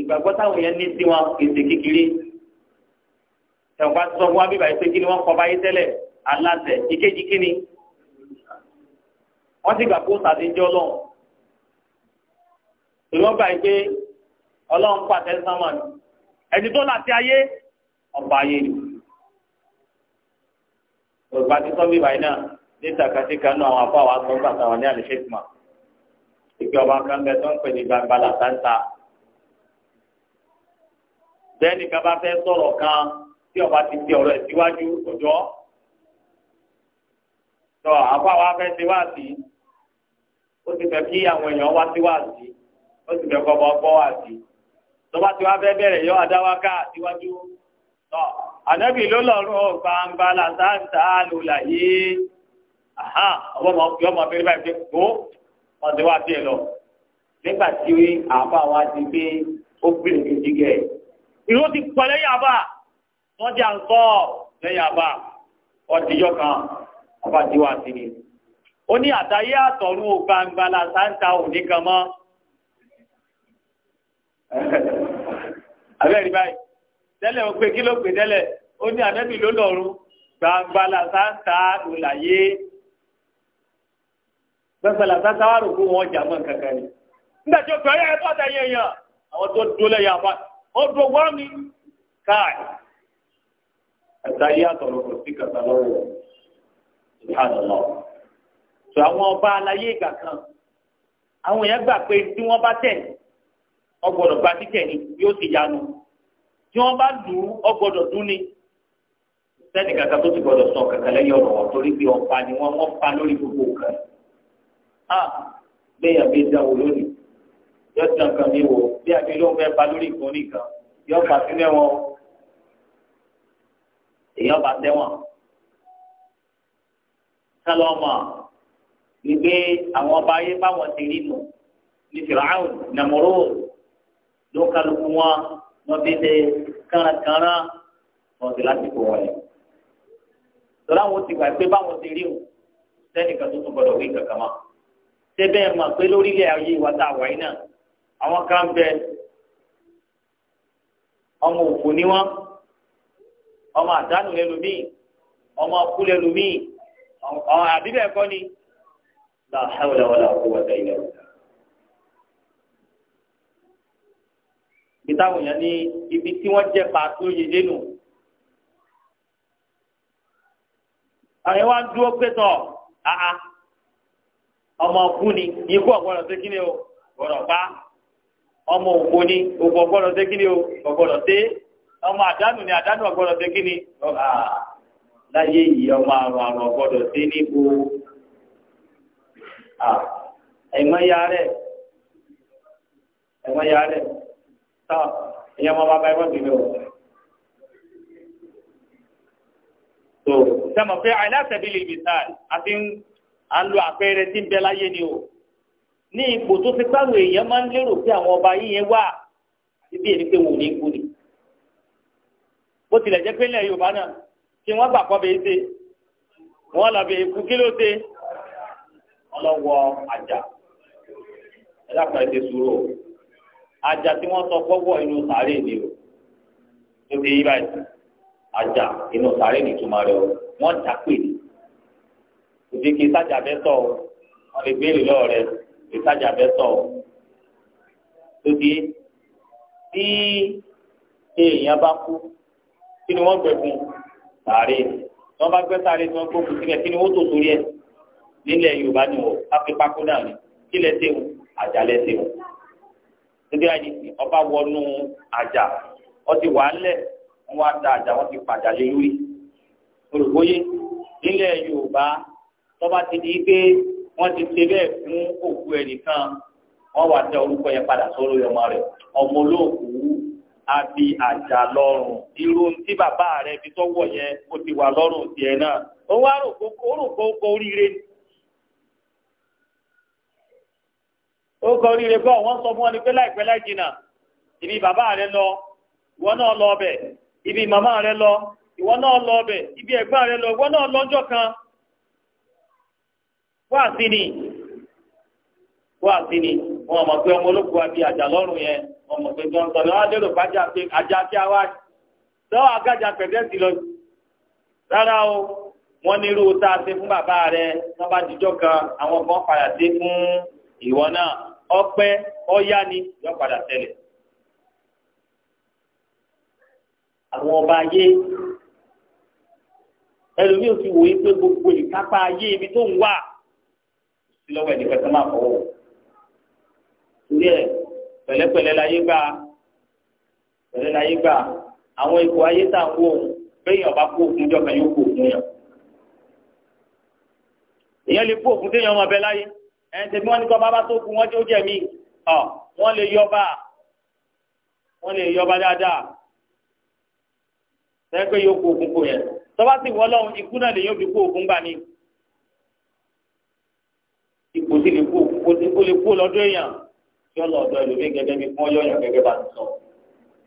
ìgbàgbọ́ táwọn yẹn ní sí wọn èsè kékeré ẹ̀wọ̀n sọ fún wa bíbá yìí pé kí ni wọ́n kọ́ báyé tẹ́lẹ̀ aláṣẹ ìkejì kí ni wọ́n ti gbà kó sàdéjọ́ lọ́wọ́ ìwọ́n gbà yìí pé ọlọ́run pàtẹ sámán ẹni tó láti ayé ọba ayé ni òrùka ti sọ bíbá yìí náà ní ìtàkàtì kanú àwọn afọ àwọn asọ́gbà táwọn ní àlè ṣèkùmá ìgbà ọba kan bẹ tó ń pè ní gbangba làtàntà bẹ́ẹ̀ni kaba fẹ́ sọ̀rọ̀ kan tí ọba ti di ọ̀rọ̀ ìsíwájú ọjọ́ tọ àbá wa fẹ́ ṣe wáàsí ó ti fẹ́ kí àwọn èèyàn wá sí wáàsí ó ti fẹ́ kọbọ gbọ́ wáàsí tọba tí wàá fẹ́ bẹ̀rẹ̀ yọ adáwáká síwájú tọ ànábì ló lọrùn gbangba làtàntà lòlàyé ọmọ ọmọ bẹ̀rẹ̀ báyìí pé kó wọ́n ti wá sí ẹ lọ nígbà tí àbá wa ti gbé ó bèrè kejì gẹ̀ ìró ti pọ̀ lẹ́yìn àbá wọ́n ti à ń sọ lẹ́yìn àbá ọ̀dìjọ́ kan àbá ti wá sí ni ó ní àtàyé àtọ̀run ò gbangba la sáńtà òní kan mọ́ abẹ́rẹ́ báyìí tẹ́lẹ̀ ó pé kí ló pè tẹ́lẹ̀ ó ní ànábì ló lọ́rùn gbangba la sáńtà òlàyé. gbẹ̀gbẹ̀lá sáta wà rò pé wọ́n jà kankan ni. nígbà tí obìnrin yẹn yàn àwọn tó ó mi àtọ̀rọ̀ kò sí kàtà lọ́wọ́ ìhànàlọ́. àwọn ọba ìgbà kan àwọn èèyàn gbà pé tí wọ́n bá tẹ̀ gba títẹ̀ ni yóò yanu tí wọ́n bá lù ú ni sẹ́ni kàkà tó ti gbọ́dọ̀ sọ kàkà lẹ́yìn ọ̀rọ̀ a bẹ́ẹ̀ àbí dáwọ́ lónìí yọ tán kan mi wò bí àbí ló ń fẹ́ pa lórí ìkànnì kan yọ fà sínú ẹ̀wọ̀n èèyàn bá tẹ̀wọ̀n sálọ́mà ni pé àwọn ọba ayé báwọn ti rí nù ní fìràhùn nàmúrò ló kálukú wọn wọn fi ṣe kánrankánra wọn sì láti kó wọlé tọ́lá wọn ti gbà pé báwọn ti rí o sẹ́nìkan tó tún gbọdọ̀ wí kankan máa tẹ́bẹ̀ mọ̀ pé lórílẹ̀ ayé wa tá a wáyé náà àwọn kan bẹ ọmọ òfò ni wọn ọmọ àdánù lẹlòmíì ọmọ ọkú lẹlòmíì ọmọ àbíbẹ̀ ẹ̀kọ́ ni la hawla wala quwwata illa billah. ìtàwọn èèyàn ní ibi tí wọ́n jẹ́ pàtó yèdè nù. àwọn wa ń dúró pé tọ̀ àá ọmọ òkú ni ikú ọ̀gbọ́dọ̀ ṣe kíni o gbọ́dọ̀ pa ọmọ òkú ni òkú ọ̀gbọ́dọ̀ ṣe kíni o ọ̀gbọ́dọ̀ ṣe ọmọ àdánù ni àdánù ọ̀gbọ́dọ̀ ṣe kíni láyé yìí ọmọ àrùn àrùn ọ̀gbọ́dọ̀ ṣe níbo ẹ̀mọ́ ya rẹ̀ ẹ̀mọ́ ya rẹ̀ tọ́ ìyẹn ọmọ bàbá ẹ̀mọ́ bìbí o. tó sẹ́mo pé àìláṣẹ́ bí lè bì sáà àti ń. A ń lo àpẹẹrẹ tí ń bẹ láyé ni o ní ipò tó fi pàrọ̀ èèyàn máa ń lérò pé àwọn ọba yìí yẹn wà síbi èyí pé wò ní ikú ni bó tilẹ̀ jẹ́ pé ilẹ̀ Yorùbá náà tí wọ́n gbà kọ́ bẹ́ẹ̀ ṣe wọ́n lọ bẹ́ẹ̀ ti sùúrù sọ inú sàárè ni o tó yí báyìí àjà inú sàárè ni rẹ òbí kì í sájà bẹ́ tọ̀ wọ́n lè béèrè lọ́wọ́ rẹ̀ kì í sájà bẹ́ tọ̀ lóde tí èèyàn bá kú kí ni wọ́n gbẹ fún sàárè tí wọ́n bá gbẹ sàárè tí wọ́n gbókùn sílẹ̀ kí ni wọ́n tó sórí ẹ̀ nílẹ̀ Yorùbá ni wọ́n káfí pákó náà ni kí lẹ́ sẹ́wọ̀n àjà lẹ́ sẹ́wọ̀n lóde àyè ọba wọnú àjà wọ́n ti wà á lẹ̀ wọ́n wá da àjà wọ́n ti pàjà lé lórí olùkóyè nílẹ̀ Yorùbá. tọ́ba ti di pé wọ́n ti ṣe bẹ́ẹ̀ fún òkú ẹnìkan wọ́n wà tẹ orúkọ yẹn padà sọ́rọ́ ọmọ rẹ̀ ọmọ olóòkú àbí àjà lọ́rùn irú tí bàbá rẹ̀ fi tọ́wọ̀ yẹn ó ti wà lọ́rùn tiẹ̀ náà ó wá rò kó kó oríire ni. ó kọ oríire bọ́ wọ́n sọ fún wọn ni pé láìpẹ́ láì jìnnà ibi bàbá rẹ̀ lọ ìwọ náà lọ ọbẹ̀ ibi màmá rẹ̀ lọ ìwọ náà lọ ọbẹ̀ ibi ẹ̀gbọ́n rẹ̀ lọ ìwọ náà lọ́jọ́ kan wá sí ni wá sí ni wọn mọ̀ pé ọmọ olóko àbí àjà lọ́rùn yẹn wọn mọ̀ pé jọ ń sọ ní wọn lérò fájà pé àjà tí a wá lọ́wọ́ agájà pẹ̀lẹ́sì lọ rárá o wọ́n ní irú tá a ṣe fún bàbá rẹ wọ́n bá dijọ́ kan àwọn kan padà dé fún ìwọ náà ọpẹ́ ọyá ni yọ padà tẹ́lẹ̀. àwọn ọba ayé ẹlòmíì ti wòye pé gbogbo ìkápá ayé ibi tó ń wà sí lọ́wọ́ ẹ̀dí pẹ̀sẹ̀ máa fọwọ́. torí ẹ pẹ̀lẹ́pẹ̀lẹ́ la yé gbà pẹ̀lẹ́ la yé gbà àwọn ipò ayé tá à ń wò béèyàn bá kó òkun jọba yóò kó òkun yàn. èèyàn lè kó òkun téèyàn ọmọ ọbẹ̀ láyé ẹ̀ tẹ̀mí wọn ní kọ́ bábá tó kú wọn tó jẹ̀ mí ọ̀ wọ́n lè yọba wọ́n lè yọba dáadáa sẹ́gbẹ́ yóò kó òkun kó yẹn tọ́ba ti wọ́ lọ́hùn ikú náà lè yóò fi kó òkun gbà ní. kó lè kó lọ́dọ̀ èèyàn kí ọ lọ́dọ̀ ẹlòmíì gẹ́gẹ́ bí fún ọyọ́yàn gẹ́gẹ́ bá ti sọ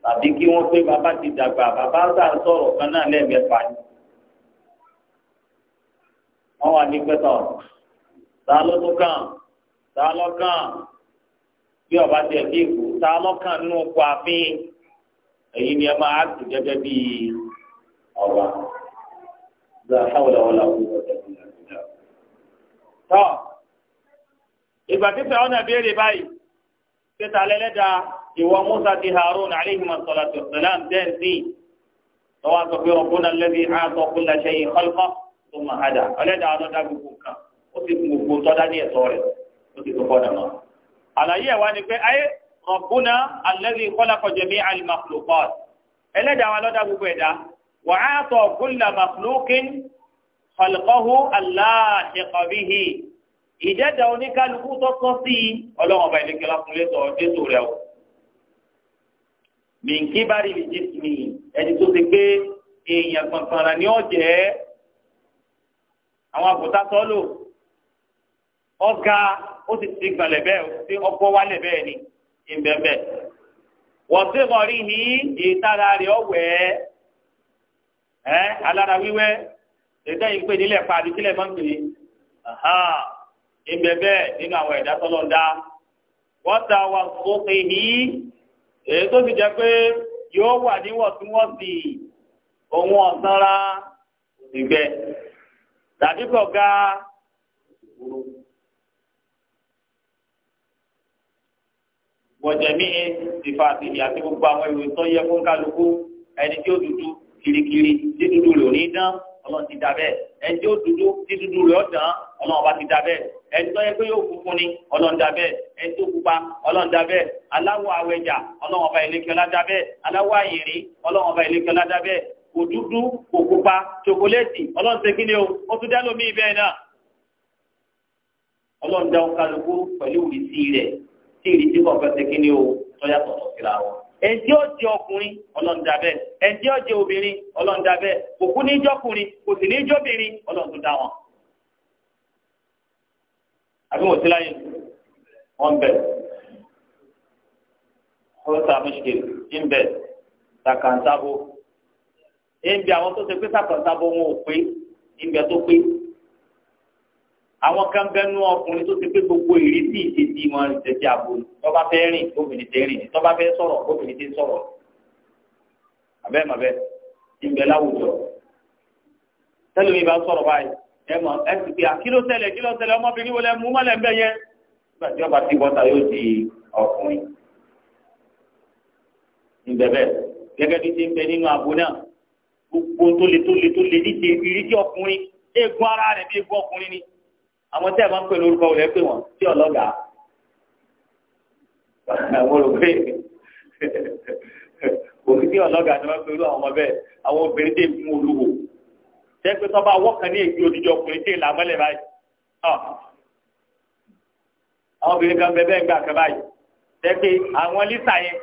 tàbí kí wọ́n pé bàbá ti dàgbà bàbá sà ń sọ̀rọ̀ kan náà lẹ́ẹ̀mẹ́fà ni. wọ́n wà ní pẹ́tọ̀ ta ló tún kàn ta ló kàn bí ọba tiẹ̀ kí ìkú ta ló kàn nínú kó àfin èyí ni ẹ máa tù gẹ́gẹ́ bí ọba. لا حول ولا قوة إلا بالله ìgbà tí fẹ́ ọ̀nà béèrè báyìí títa lẹ́lẹ́dà ìwọ Musa ti Harun alayhi salatu salam dẹ́ẹ̀sì lọ́wọ́ sọ pé rabbuna alladhi a'ta kulla shay'in khalqa thumma hada ọlẹ́dà ọlọ́dà gbogbo kan ó sì fún gbogbo tọ́dá ní ẹ̀tọ́ rẹ̀ ó sì tó fọ́dà náà. àlàyé ẹ̀ wá ni pé ayé rabbuna alladhi khalaqa jami'a al-makhluqat ìdẹ́dà oníkálukú tọ́tọ́ sí i ọlọ́run ọba ìlẹ́kẹ́ lákúnlé tọ́ jésù rẹ o. mìǹkì bá rí ìlú jésù mi ẹni tó ti gbé èèyàn gbọ̀ngànrà ní ọ̀jẹ́ àwọn àbùtá sọ́lò ọ̀gá ó sì ti gbàlẹ̀ bẹ́ẹ̀ ó ti ọkọ̀ wálẹ̀ bẹ́ẹ̀ ni ìbẹ̀bẹ̀. wọ́n ti rọrí ní ìtara rẹ̀ ọ̀wẹ́ ẹ́ alára wíwẹ́ ètò ìpè nílẹ̀ pàdé sílẹ̀ mọ́tò yìí ibẹ̀ bẹ́ẹ̀ nínú àwọn ẹ̀dá tọ́lọ̀ ń dá wọ́n ta wà sókè yí èyí tó ti jẹ́ pé yóò wà níwọ̀ntúnwọ̀nsì ohun ọ̀sánra ìgbẹ́ tàbí kọ̀ọ̀gá wọ̀jẹ̀mí ìfà àtìlì àti gbogbo àwọn ìròyìn tó yẹ fún kálukú ẹni tí ó dúdú kirikiri tí dúdú rẹ̀ ní dán ọlọ́run ti da bẹ́ẹ̀ ẹni tí ó dúdú tí dúdú rẹ̀ ọ̀dàn ọlọ́run ọba ti da bẹ́ẹ̀ ẹni tó yẹ pé yóò funfun ni ọlọ́run da bẹ́ẹ̀ ẹni tó pupa ọlọ́run da bẹ́ẹ̀ aláwọ̀ awẹ́jà ọlọ́run ọba ìlẹ́kẹ́lá da bẹ́ẹ̀ aláwọ̀ àyèrè ọlọ́run ọba ìlẹ́kẹ́lá da bẹ́ẹ̀ kò dúdú ọlọ́run ṣe kí ni o ó tún dá lómi bẹ́ẹ̀ náà ọlọ́run dá ọkàlùkù pẹ̀lú ìrísí rẹ̀ tí ìrísí kọ̀ọ̀kan ṣe kí ni o tọ́yà tọ̀tọ̀ síra wọn. ẹ̀ǹtí ọ̀jẹ̀ ọkùnrin ọlọ́ndàbẹ̀ ẹ̀ǹtí ọ̀jẹ̀ obìnrin ọlọ́ndàbẹ̀ òkú níjọ́kùnrin kò sì níjọ́bìnrin ọlọ́ndún wọn. àbí wọ́n ti láyé wọ́n bẹ̀ ọ̀sà mùsùlùmí ń bẹ̀ sàkàǹtàbò àwọn tó ṣe pé àwọn kan bẹnu ọkùnrin tó ti pé gbogbo ìrísí ìṣesí wọn ìṣesí àbò tọba fẹ́ rìn obìnrin tẹ rìn tọba fẹ́ sọ̀rọ̀ obìnrin tẹ sọ̀rọ̀ abẹ́ màbẹ́ ìgbẹ́ láwùjọ tẹ́lẹ̀ mi bá sọ̀rọ̀ báyìí ẹ mọ̀ ẹ sì pé kí ló ṣẹlẹ̀ kí ló ṣẹlẹ̀ ọmọbìnrin wo lẹ mú mọ́lẹ̀ ńbẹ yẹn nígbà tí ọba ti bọ́ta yóò di ọkùnrin ìgbẹ́ bẹ́ẹ̀ bí ti ń bẹ nínú àbò náà gbogbo tó le tó le tó le ní ti ìrísí ọkùnrin ni àwọn tẹ́ ẹ̀ máa ń pè lórúkọ rẹ̀ pé wọ́n tí ọlọ́gà àwọn olùgbé òfin tí ọlọ́gà ni wọ́n pè lórúkọ àwọn ọmọ bẹ́ẹ̀ àwọn obìnrin tẹ̀ mú olúwo tẹ́ pé tọ́ bá wọ́kàn ní èyí odidi ọkùnrin tẹ̀ làmọ́lẹ̀ báyìí àwọn obìnrin kan bẹ bẹ́ẹ̀ gbà kan báyìí tẹ́ pé àwọn lítà yẹn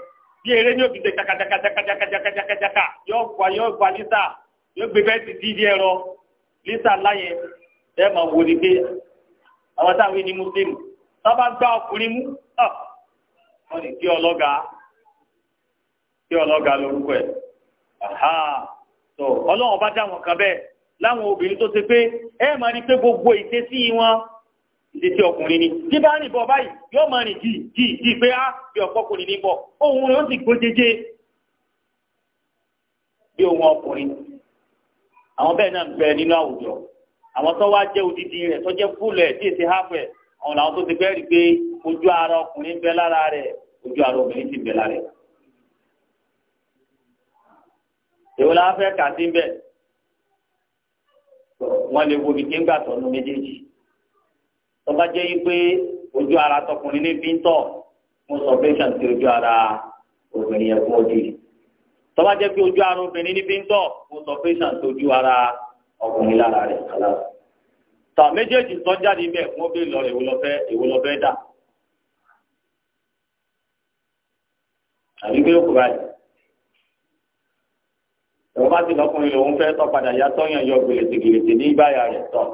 bí eré ní òbí ṣe jakajakajakajakajaka yóò gba yóò gba lítà yóò gbé bẹ́ẹ̀ ti di ẹ̀rọ lítà láyẹn ẹ̀ máa wò ní pé àwọn táwọn ní muslim sábà gbá ọkùnrin mú wọ́n ní kí ọlọ́gà kí ọlọ́gà lórúkọ ẹ̀ tó ọlọ́run bá dá wọn kan bẹ́ẹ̀ láwọn obìnrin tó ṣe pé ẹ máa rí pé gbogbo ìṣesí wọn ìdíje ọkùnrin ni tí bá rìn bọ̀ báyìí yóò máa rìn jì jì jì pé á bí ọ̀pọ̀kùnrin ní bọ̀ ohun rẹ̀ ó sì gbójéjé bí ohun ọkùnrin àwọn bẹ́ẹ̀ náà bẹ nínú àwùjọ àwọn tó wá jẹ́ odidi rẹ̀ tó jẹ́ fúlẹ̀ tí èsì háfẹ̀ àwọn làwọn tó ti bẹ́ẹ̀ rí pé ojú ara ọkùnrin bẹ lára rẹ̀ ojú ara obìnrin ti bẹ lára rẹ̀. èwo la fẹ́ kà sí bẹ́ẹ̀ wọ́n lè wo ibi ńgbà tọ́nu méjèèjì tó bá jẹ́ pé ojú ara tọkùnrin ní bíntọ̀ mo sọ patient ti ojú ara obìnrin yẹn fún ojú tó bá jẹ́ pé ojú ara obìnrin ní bíntọ̀ mo sọ patient ti ojú ara ọkùnrin lára rẹ̀ kàlá. tà méjèèjì tó jáde bẹ́ẹ̀ fún bí lọ èwo lọ fẹ́ èwo lọ fẹ́ dà. àbí pé ó kù báyìí. ìwọ bá ti lọkùnrin lòun fẹ́ tọ́ padà yá tọ́yàn yọ gbèlètè gbèlètè ní ìbáyà rẹ̀ tọ̀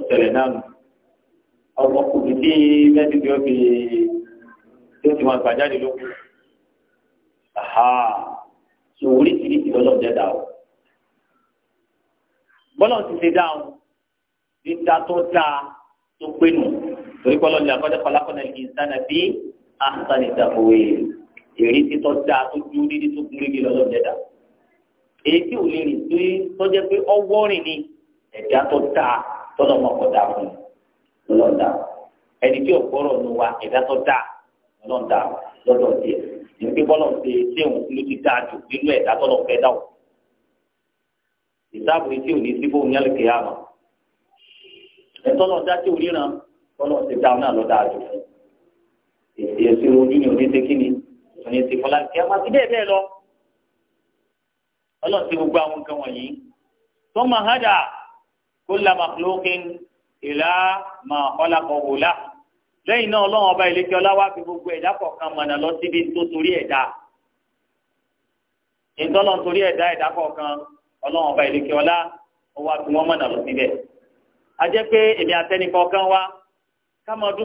ọ̀tẹ̀lẹ̀ náà nù. ọgbọ́n kù bí tí mẹ́tì tí ó fi tí ti máa gbàjáde lókun. àhà sòwúrí tìrìtì lọ́lọ́ jẹ́ dà o bọ́lá ti ṣe dá o dídá tó dá tó pé nù torí pé ọlọ́ọ̀lẹ́ àkọ́jọ́ kọlákọ́nà ìsánà bí àǹtàní ìdàbòwe èrè ti tọ́ dá tó ju dídí tó kún régé lọ́lọ́ọ̀lẹ́ dá èyí tí ò lè rìn tó tọ́jẹ́ pé ọwọ́ rìn ni ẹ̀dá tó dá tọ́lọ́ mọ̀kọ́ dá fún lọ́lọ́ọ̀dá ẹni tí ò gbọ́rọ̀ wa ẹ̀dá tó dá lọ́lọ́ọ̀dá lọ́dọ̀ tiẹ̀ ìpínpọ́lọ̀ ṣe ṣéun ló ti dáa jù nínú ẹ̀dá tọ́lọ̀ fẹ́ dáwọ̀ ìsáàbù etí òní sí fóun yálẹ kéèyà mọ ẹtọ náà dá tí òríran tọlọ ti dá náà lọ dáa jù fún èsì ẹsẹ ojú ni òní ṣe kíni òní ṣe fọlá kéèyà máa ti bẹ́ẹ̀ bẹ́ẹ̀ lọ ọlọ́run ti gbogbo àwọn nǹkan wọ̀nyí tó máa hádà kó la màkúlókin ìlà máa ọlákọ̀ wò lá lẹ́yìn náà ọlọ́run ọba ìlẹ́kẹ́ ọláwá fi gbogbo ẹ̀dá kọ̀ọ̀kan mọ̀nà lọ síbi tó torí ẹ̀dá ìtọ́lọ́ torí ẹ̀dá ẹ̀dá kọ̀ọ̀kan ọlọ́run ọba ìlékè ọlá ọwọ́ àti na mọ̀nà lọ a jẹ́ pé èmi àtẹnìkan kan wá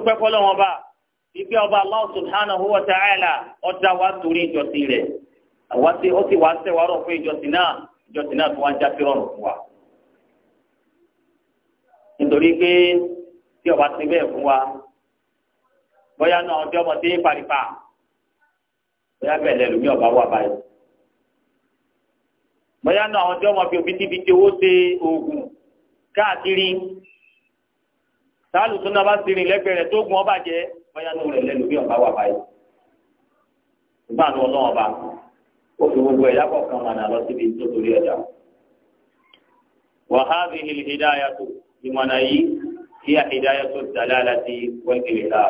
ọba subhanahu wa ta'ala ọ̀dà wa torí ìjọsìn rẹ̀ ó sì wá fún ìjọsìn náà ìjọsìn náà tó wá ń fún wa. nítorí pé tí ọba ti bẹ́ẹ̀ fún wa bóyá náà ọjọ́ ọmọdé paripa bóyá bẹ́ẹ̀ lẹ́nu mi ọba wà báyìí. bóyá náà àwọn tí wọ́n fi òbítíbitì owó ṣe oògùn káàkiri sáàlù tó náà bá ti rìn tó gun ọba jẹ́ bóyá náà rẹ̀ lẹ́nu bí ọba wà báyìí ìgbà ní ọlọ́wọ́n ọba ó fi gbogbo ẹ̀yà kọ̀ọ̀kan mọ̀nà lọ síbi tó torí ọjà. wàhálì ní ìdáyà tó ìmọ̀nà yìí kí ìdáyà tó dàlálà ti wọ́nkìlì náà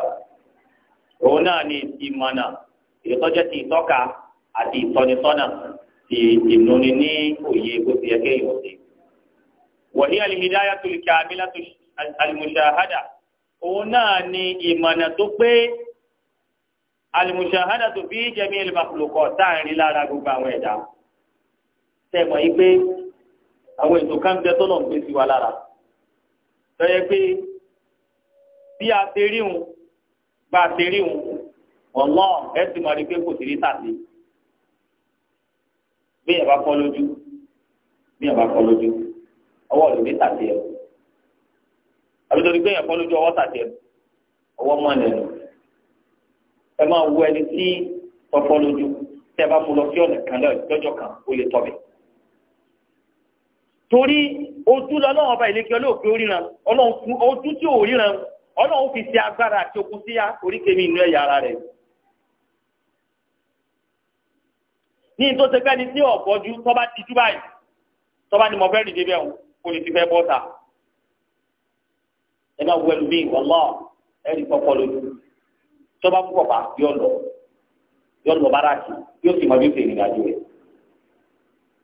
òun náà ni ìmọ̀nà ìtọ́jẹ́ ti ìtọ́ka àti ìtọ́nisọ́nà ti ìmúni ní òye bó ti yẹ kéèyàn ṣe. wọ̀nyí alìmídáyà tó lè kí amílá tó alìmùsàhádà òun náà ni ìmọ̀nà tó pé alìmùsàhádà tó fi jẹ́mi ìlùmọ̀kùlùkọ̀ táàrin lára gbogbo àwọn ẹ̀dá. tẹ̀mọ̀ yìí pé àwọn ètò kan bẹ tó lọ́n gbé sí wa lára. tọ́yẹ pé bí a ṣe rí wọn bá a rí wọn ọ̀lọ́ ẹ̀ mọ̀ rí pé kò sí rí tàbí. bíyàn bá kọ́ lójú bíyàn bá kọ́ lójú ọwọ́ lòdì tàtí ẹ̀ àbí torí bíyàn kọ́ lójú ọwọ́ tàtí ẹ̀ ọwọ́ mọ́ ẹ̀ lẹ́nu ẹ máa wo ẹni tí tọ́kọ́ lójú tẹ́ ẹ bá kan lọ́jọ́ torí ojú ọba oríran ojú tí ò ríran ọlọ́run fi ṣe agbára àti okun síyá oríkèémí inú ẹ̀yà ní tó ṣe fẹ́ni tí ọ̀pọ̀jú tọ́ba ti jú báyìí tọ́ba ni mo fẹ́ rìn débẹ̀ o lè ti fẹ́ bọ́ ta ẹ máa wọ ẹlòmíì wọlọ́ ẹ rí pọpọ lójú tọ́ba púpọ̀ bá yọ lọ yọ lọ bára kì yóò sì máa bí fèrè ìrìnàjò rẹ̀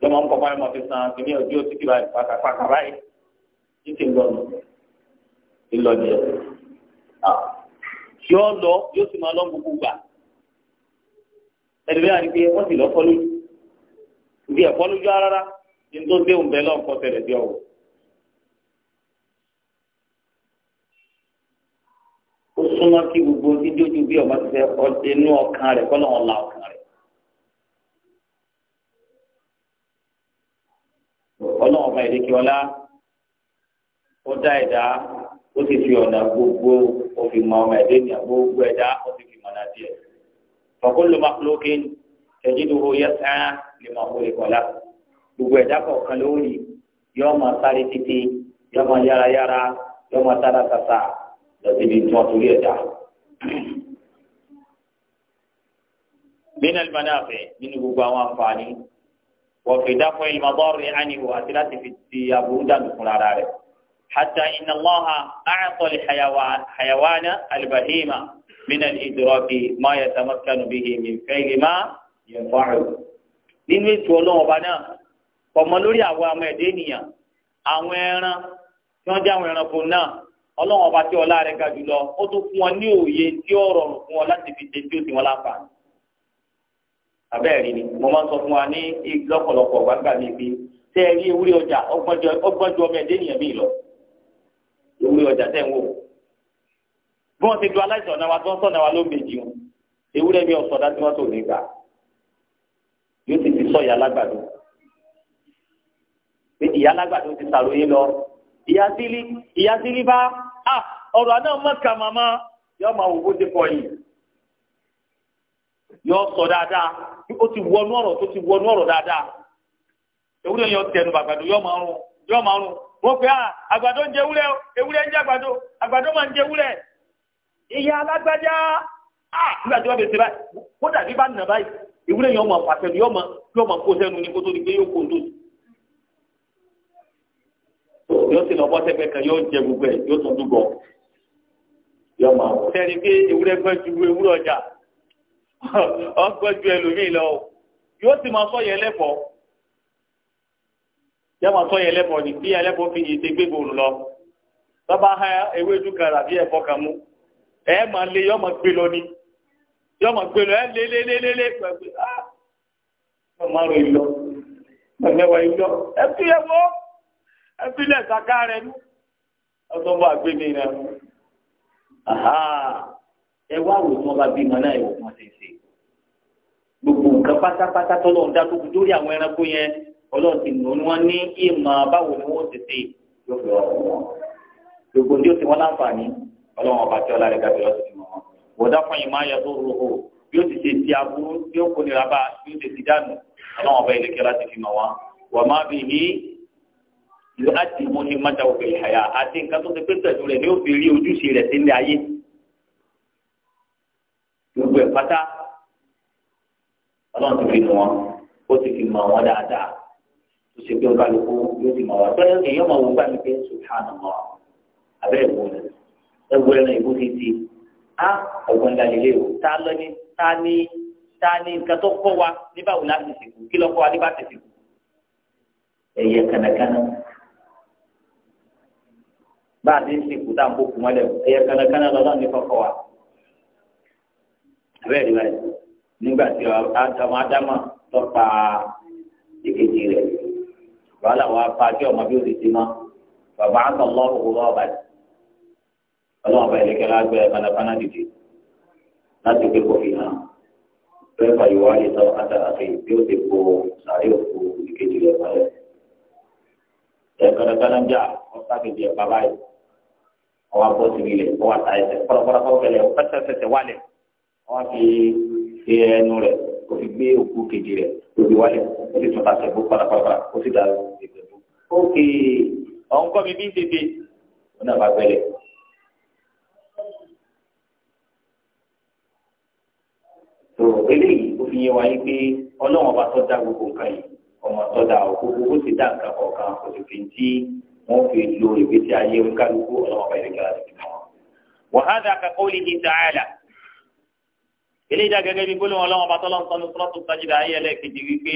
yọ máa ń pọpọ ẹ máa fi san kìíní ọjọ́ títí báyìí pàkàpàkà báyìí títí ńlọrọ ńlọrọ yẹ yọ lọ yóò sì máa lọ gbogbo gbà. ẹlòmíràn ni pé wọ́n sì lọ́kọ́ lójú ìdí ẹ̀kọ́ lójú rárá ní tó dé òun bẹ́ẹ̀ lọ́nkọ́ tẹ̀lé dé ọ̀wọ́. ó súnmọ́ kí gbogbo tí dójú bí ti fẹ́ rẹ̀ kọ́ lọ́wọ́ la rẹ̀. ọlọ́wọ́ ọba ó dá ẹ̀dá ó fi ọ̀nà gbogbo ó fi mọ ọmọ gbogbo ẹ̀dá ó fi díẹ̀. فكل مخلوق تجده يسعى لما خلق له gbogbo ẹ̀dá kọ̀ọ̀kan lórí yóò máa sáré títí yóò máa yára yára yóò máa sára sàṣà lọ́sí ibi tí wọ́n torí ẹ̀dá. bínú manafi nínú gbogbo àwọn àǹfààní wọ́n fi dáfọ́ ìlmọ̀ bọ́ọ̀rù ànìwò àti láti fi ti aburú dànù fún ara rẹ̀. حتى إن الله أعطى لحيوان البهيمة من الإدراك ما يتمكن به من فعل ما يفعل nínú ètò ọlọ́run ọba náà ọmọ lórí àwọn ọmọ ẹ̀dẹ́ ènìyàn àwọn ẹran tí wọ́n jẹ́ àwọn ẹranko náà ọlọ́run ọba tí ọlá rẹ̀ ga jùlọ ó tún fún wọn ní òye tí ó rọrùn fún wọn láti fi ṣe tí ó sì wọn láǹfààní. abẹ́ẹ̀ rí ni mo máa ń sọ fún wa ní lọ́pọ̀lọpọ̀ gbàgbà mi pé tẹ́ ẹ rí ewúrẹ́ ọjà ọgbọ́njọ ọmọ ẹ̀dẹ́ ènìyàn mi lọ ewúrẹ́ ọjà tẹ́ ń wò bí wọ́n ti du aláìsàn náà wá tí wọ́n sọ̀nà wá ló méjì wọn ewúrẹ́ mi ọ̀sọ̀ dá tí wọ́n tó nígbà yóò ti ti sọ ìyá alágbàdo ìyá alágbàdo ti sàròyé lọ ìyá sílí ìyá sílí bá a ọ̀rọ̀ náà mọ̀ kà màmá yóò máa wò bó ti pọ̀ yìí yóò sọ dáadáa ó ti wọnú ọ̀rọ̀ tó ti wọnú ọ̀rọ̀ dáadáa ewúrẹ́ yóò tẹnu bàgbàdo yóò máa rún yóò máa rún wọ́n pe àgbàdo ń jẹ ewúrẹ́ ewúrẹ́ ń jẹ àgbàdo àgbàdo máa ń jẹ ewúrẹ́ ìyá alágbájá ah, nígbà tí wọ́n bèèrè báyìí kódà bí bá nà báyìí ìwúrẹ́ yẹn ọmọ pàṣẹ ni yọmọ yọmọ kó sẹ́nu ní kótó ni pé yóò kó ń dòdì. yóò sì lọ bọ́ sẹ́gbẹ́ kan yóò jẹ gbogbo ẹ̀ yóò tún dúbọ̀ yọmọ. sẹ́ni pé ewúrẹ́ gbẹ́ ju ewúrẹ́ ọjà ọgbẹ́ ju ẹlòmíì lọ yóò sì máa sọ yẹn lẹ́fọ̀ọ́ yẹn máa sọ yẹn lẹ́fọ̀ọ́ ni bí ẹlẹ́fọ̀ọ́ fi yìí ti gbé bòrò lọ tọ́ba ha ewédú kan àbí ẹ̀fọ́ kan mú ẹ máa lé yọmọ gbé lọ ni yọmọ gbé lọ ẹ lé lé lé lé lé pẹ̀lú ah ọmọ rẹ lọ mẹwàá ìlọ ẹ fi ẹ wọ ẹ fi lẹ sàkà rẹ nù ọtọ́ bá gbé mi rẹ ẹ wá wò tí wọn bá bímọ náà ẹ wò wọn ṣe ṣe gbogbo nǹkan pátápátá tó lọ ń dá gbogbo lórí àwọn ẹranko yẹn ọlọ́run ti nù ní wọ́n ní ìmọ̀ báwo ni wọ́n ti ṣe yóò fi ọ̀rọ̀ gbogbo ní o ti wọn láǹfààní ọlọ́wọ́n ọba tí ọlá rẹ̀ gàdúrà sí ti mọ̀ wọn. wọ́dà fún yìí máa yẹ tó rò ó bí ó ti ṣe ti aburú bí ó kó nira bá bí ó ti ti dànù ọlọ́wọ́n ọba ìlẹ̀kẹ́ láti fi mọ̀ wọn. wọ́n máa bì ní ìlú àti mo ní mọ́tà òkè ìhàyà àti nǹkan tó ti pé pẹ̀lú rẹ̀ ni ó fi rí ojúṣe rẹ̀ sí ilé ayé. gbogbo ẹ̀ pátá ọlọ́run ti fi mọ̀ wọn ó ti fi mọ̀ wọn dáadáa tó ṣe pé ó kálukú yóò ti mọ̀ wọn. bẹ́ẹ̀ èèyàn máa wọ gbàgbé subhanallah abẹ́rẹ́ ẹwọ ẹran ìwú títí á ọgbọ́n ńlá lélẹ̀ o tá a lọ ní tá a ní tá a ní nǹkan tó kọ́ wa nígbà wò láti sìnkú kí ló kọ́ wa nígbà tètè kù ẹ̀yẹ kànákànná bá a ti ń sìnkú tá a ń bó kùn wọlé o ẹ̀yẹ kànákànná lọ́dọ̀ ní kọ́kọ́ wa abẹ́rẹ́ rí báyìí nígbà tí ọmọ adama tọ́pa ìkejì rẹ̀ wàhálà wa pa kí ọmọ bí ó ti ti mọ́ bàbá àtọ̀ lọ́wọ́ òwúrọ̀ ọ̀bàdì ọlọ́run ọba ìlẹ́kẹ́ lágbẹ́ panápaná dìde láti gbé kò fi hàn bẹ́ẹ̀ fà yíwá lè sọ àtàràfẹ́ bí ó ti kó sàárè òkú ìkejì rẹ̀ pálẹ̀. ẹ̀ẹ́dọ́dọ́ kánájà ọ̀sá kejì ẹ̀ bàbá yìí ọwọ́ abọ́ sí ilẹ̀ ọwọ́ àtà ẹsẹ̀ fọlọ́fọlọ́ kọ́ fẹlẹ̀ pẹ́sẹ̀sẹ̀sẹ̀ wálẹ̀ ọwọ́ fi ṣe ẹnu rẹ̀ ó fi gbé òkú kejì rẹ̀ ó fi wálẹ̀ ó sì tún tàṣẹ̀ bó parapara ó sì dà ó kéè ọ̀nkọ́ mi bí ń ṣe ó náà bá gbẹ́lẹ̀ tó eléyìí ó fi yé wa yí pé ọlọ́run ọba tó dá gbogbo nǹkan yìí ọmọ tó dá gbogbo ó sì dá nǹkan kọ̀ọ̀kan kò sì fi tí wọ́n fi lo ìgbésí ayé oníkálukú ọlọ́run ọba ìrẹ́kẹ́ láti fi wọn. wàhálà kakọ́ lè ní sàáyà eléyìí dá gẹ́gẹ́ bí gbólóhùn ọlọ́run ọba tọ́lọ́ sọ́nù sọ́tù sájídà ayé ẹlẹ́ẹ̀kejì wípé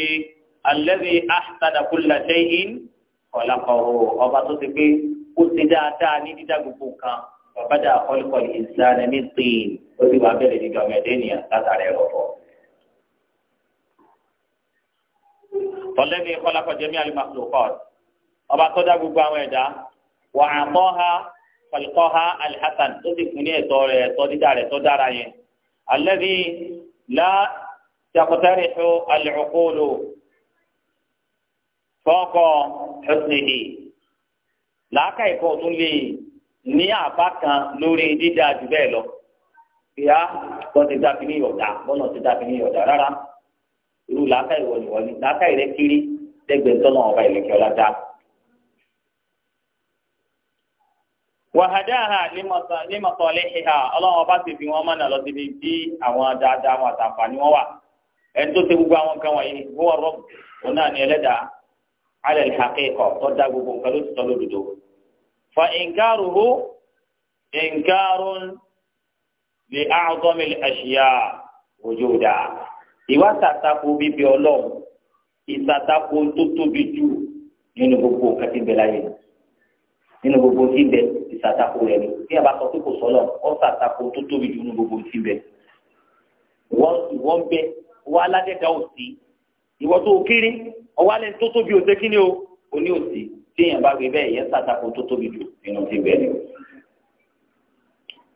alẹ́bí ahsana bàbáda àkọlùkọlù ìsìlámù ní tìǹ ó sì wá bẹ̀rẹ̀ dídọ̀ mẹ́dẹ́nìyà látàrí ẹ̀rọ̀fọ̀. tọ́lẹ́bí kọ́lákọ́ jẹ́mí alimakilokọ́t ọba tó dá gbogbo àwọn ẹ̀dá wà á mọ́ ha kọ́lùkọ́ ha alihasan tó sì fún ní ẹ̀tọ́ rẹ̀ ẹ̀tọ́ dídá rẹ̀ tó dára yẹn. alẹ́bí la takutarihu alẹ́kọ́lù fọ́kọ̀ ẹ̀sìn làákà ìkọ̀ tún lè ní abakan kan lórí dídá jù bẹ́ẹ̀ lọ ìyá wọn ti dàbí ní wọn náà ti rárá irú kiri lẹ́gbẹ̀ẹ́ tọ́nà ọba ìlẹ̀kẹ́ ọ̀la dá. wàhádáhà límọ̀tọ́lẹ́ ìhà ọlọ́run ọba ti fi wọn mọ̀nà lọ síbi tí àwọn dáadáa wọn àtàǹfààní wọn wà ẹni tó gbogbo àwọn nǹkan wọ̀nyí wọ́n ní ẹlẹ́dàá alẹ́ tó dá gbogbo nǹkan فإنكاره إنكار لأعظم الأشياء وجودا ìwà sàtàkù bíbí ọlọ́run ìsàtàkù tó tóbi jù nínú gbogbo nǹkan tí ń bẹ láyé nínú gbogbo tí ń bẹ ìsàtàkù rẹ ni bí a bá sọ pé kò sọ lọ́run ọ sàtàkù tó tóbi jù nínú gbogbo tí ń bẹ wọ́n bẹ wọ́n aládẹ́dá òsì ìwọ́n tó kéré ọwọ́ alẹ́ tó tóbi òsè kí ni o ò ní òsì téèyàn bá gbé bẹ́ẹ̀ yẹn sàtàkùn tó tóbi jù nínú ti bẹ́ẹ̀ ni.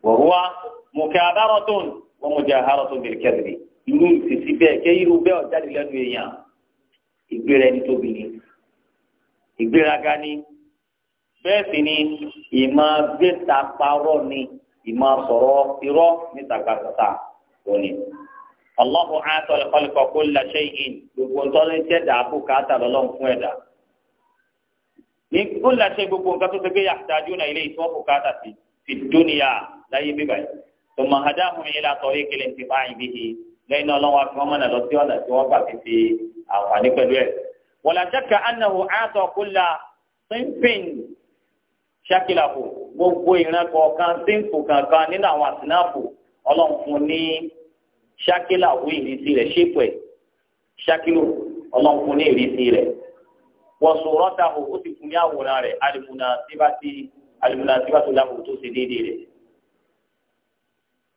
wa huwa mukabaratun wa mujaharatun bil kadhib irú ìfèsì bẹ́ẹ̀ kẹ́ irú bẹ́ẹ̀ ọ̀jáde lẹ́nu èèyàn ìgbéra ẹni tóbi ni ìgbéraga ni bẹ́ẹ̀ sì ni ìmọ̀ gbẹ́ta parọ́ ni ìmọ̀ sọ̀rọ̀ irọ́ níta gbàgbọ́ta òní. Allahu a'ta al-khalqa kulla shay'in gbogbo ntọ́ni tẹ́dà àbúkátà lọ́lọ́run fún ẹ̀dá. ní ó ń gbogbo nǹkan tó ṣe pé yàtàdú náà ilé ìtọ́ bùkátà sí fi dúnìyà láyé bíbá yìí tó mọ àdá àwọn ilé àtọ yìí kele ti bá yìí bíi lẹ́yìn náà lọ́wọ́ fi fi àǹfààní pẹ̀lú ẹ̀. àtọ̀ gbogbo ìran kọ̀ọ̀kan kankan nínú àwọn ní ìrísí rẹ̀ wọ̀sùrọ́tàhù ó sì fún ní àwòrán rẹ̀ alimunasibatu lahu tó ṣe déédéé rẹ̀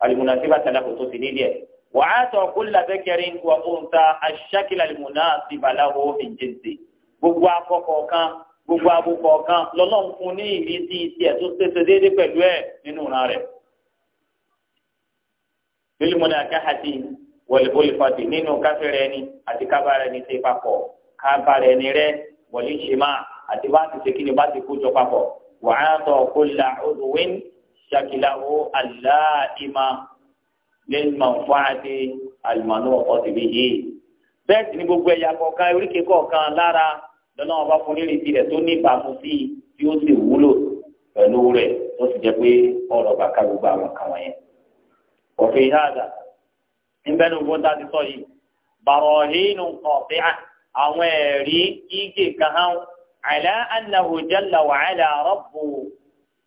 alimunasibatu lahu tó ṣe déédéé rẹ̀ wà á tọ̀ kó labẹ́kẹ̀rin wà ó ń ta aṣákìlá alimunasibalahu ìjẹ́sẹ̀ gbogbo akọkọ̀ kan gbogbo abúkọ̀ kan lọ́lọ́run fún ní ìrísí tiẹ̀ tó ṣe déédéé pẹ̀lú ẹ̀ nínú ìran rẹ̀ bilimunakahati wọlébólifati nínú káfíńrẹ́ni àti kábàárẹ́ni ṣe papọ̀ kábàárẹ́ni rẹ̀ wọlé ṣèmá àti bá ti ṣe kí ni bá ti kó jọ papọ̀ wàá tọ̀ kó la ọdún ṣàkìláwó aláìmá lẹ́lmọ̀fáàdé àlùmọ̀nù ọ̀tìmí yìí. bẹ́ẹ̀ sì ni gbogbo ẹ̀yà kọ̀ọ̀kan oríkèé kọ̀ọ̀kan lára lọ́nà wọn bá fún nírètí rẹ̀ tó ní ìbámu sí i tí ó sì wúlò pẹ̀lú rẹ̀ tó sì jẹ́ pé ọ̀rọ̀ bàkà gbogbo àwọn kan wọ̀nyẹn. òfin ìhàdà níbẹ̀ ni gbogbo dáadé sọ yìí àwọn ẹ̀rí igi kan hàn àìlá annahu jalla wa ala rabbu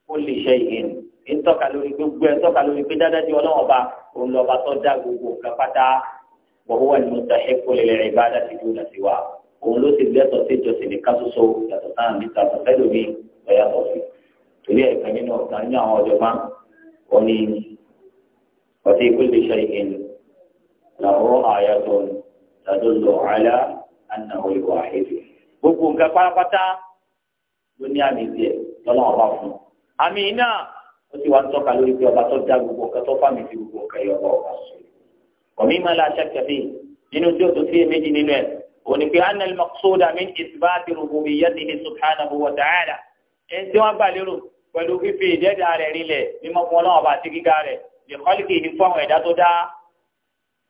kulli shay'in ń tọ́ka lórí gbogbo ẹ̀ tọ́ka lórí pé dáadáa di ọlọ́wọ́n ba òun lọ́ba tó dá gbogbo nǹkan pátá wa huwa al-mustahiqqu lil-ibadati duna siwa òun ló ti lẹ́tọ̀ọ́ sí ìjọsìn nìkan ṣoṣo yàtọ̀ sáà níta àtọ̀fẹ́ lómi ọ̀yàtọ̀ sí torí ẹ̀ka nínú ọ̀gá nínú àwọn ọ̀jọ̀gbọ́n òní ọ̀sẹ̀ ìkúlẹ̀ iṣẹ́ ìhìn làwọn àyàtọ̀ tadullu ala anáwó ìwà àhẹ́dẹ̀ gbogbo nǹkan pátápátá ló ní àmì ìdíyẹ lọ́nà ọba fún un àmì iná ó ti wá ń tọ́ka lórí pé ọba tó dá gbogbo nǹkan tó fàmì sí gbogbo nǹkan yọ ọba ọba sùn kọ̀mí máa la ṣàkẹ́bí nínú tí ó tó sí méjì nínú ẹ̀ òní pé anal maqsuda min isbaati rububiyyatihi subhanahu wa ta'ala ẹ̀ tí wọ́n gbà lérò pẹ̀lú fífi ìdẹ́dà rẹ̀ rinlẹ̀ mímọ́ fún ọlọ́wọ́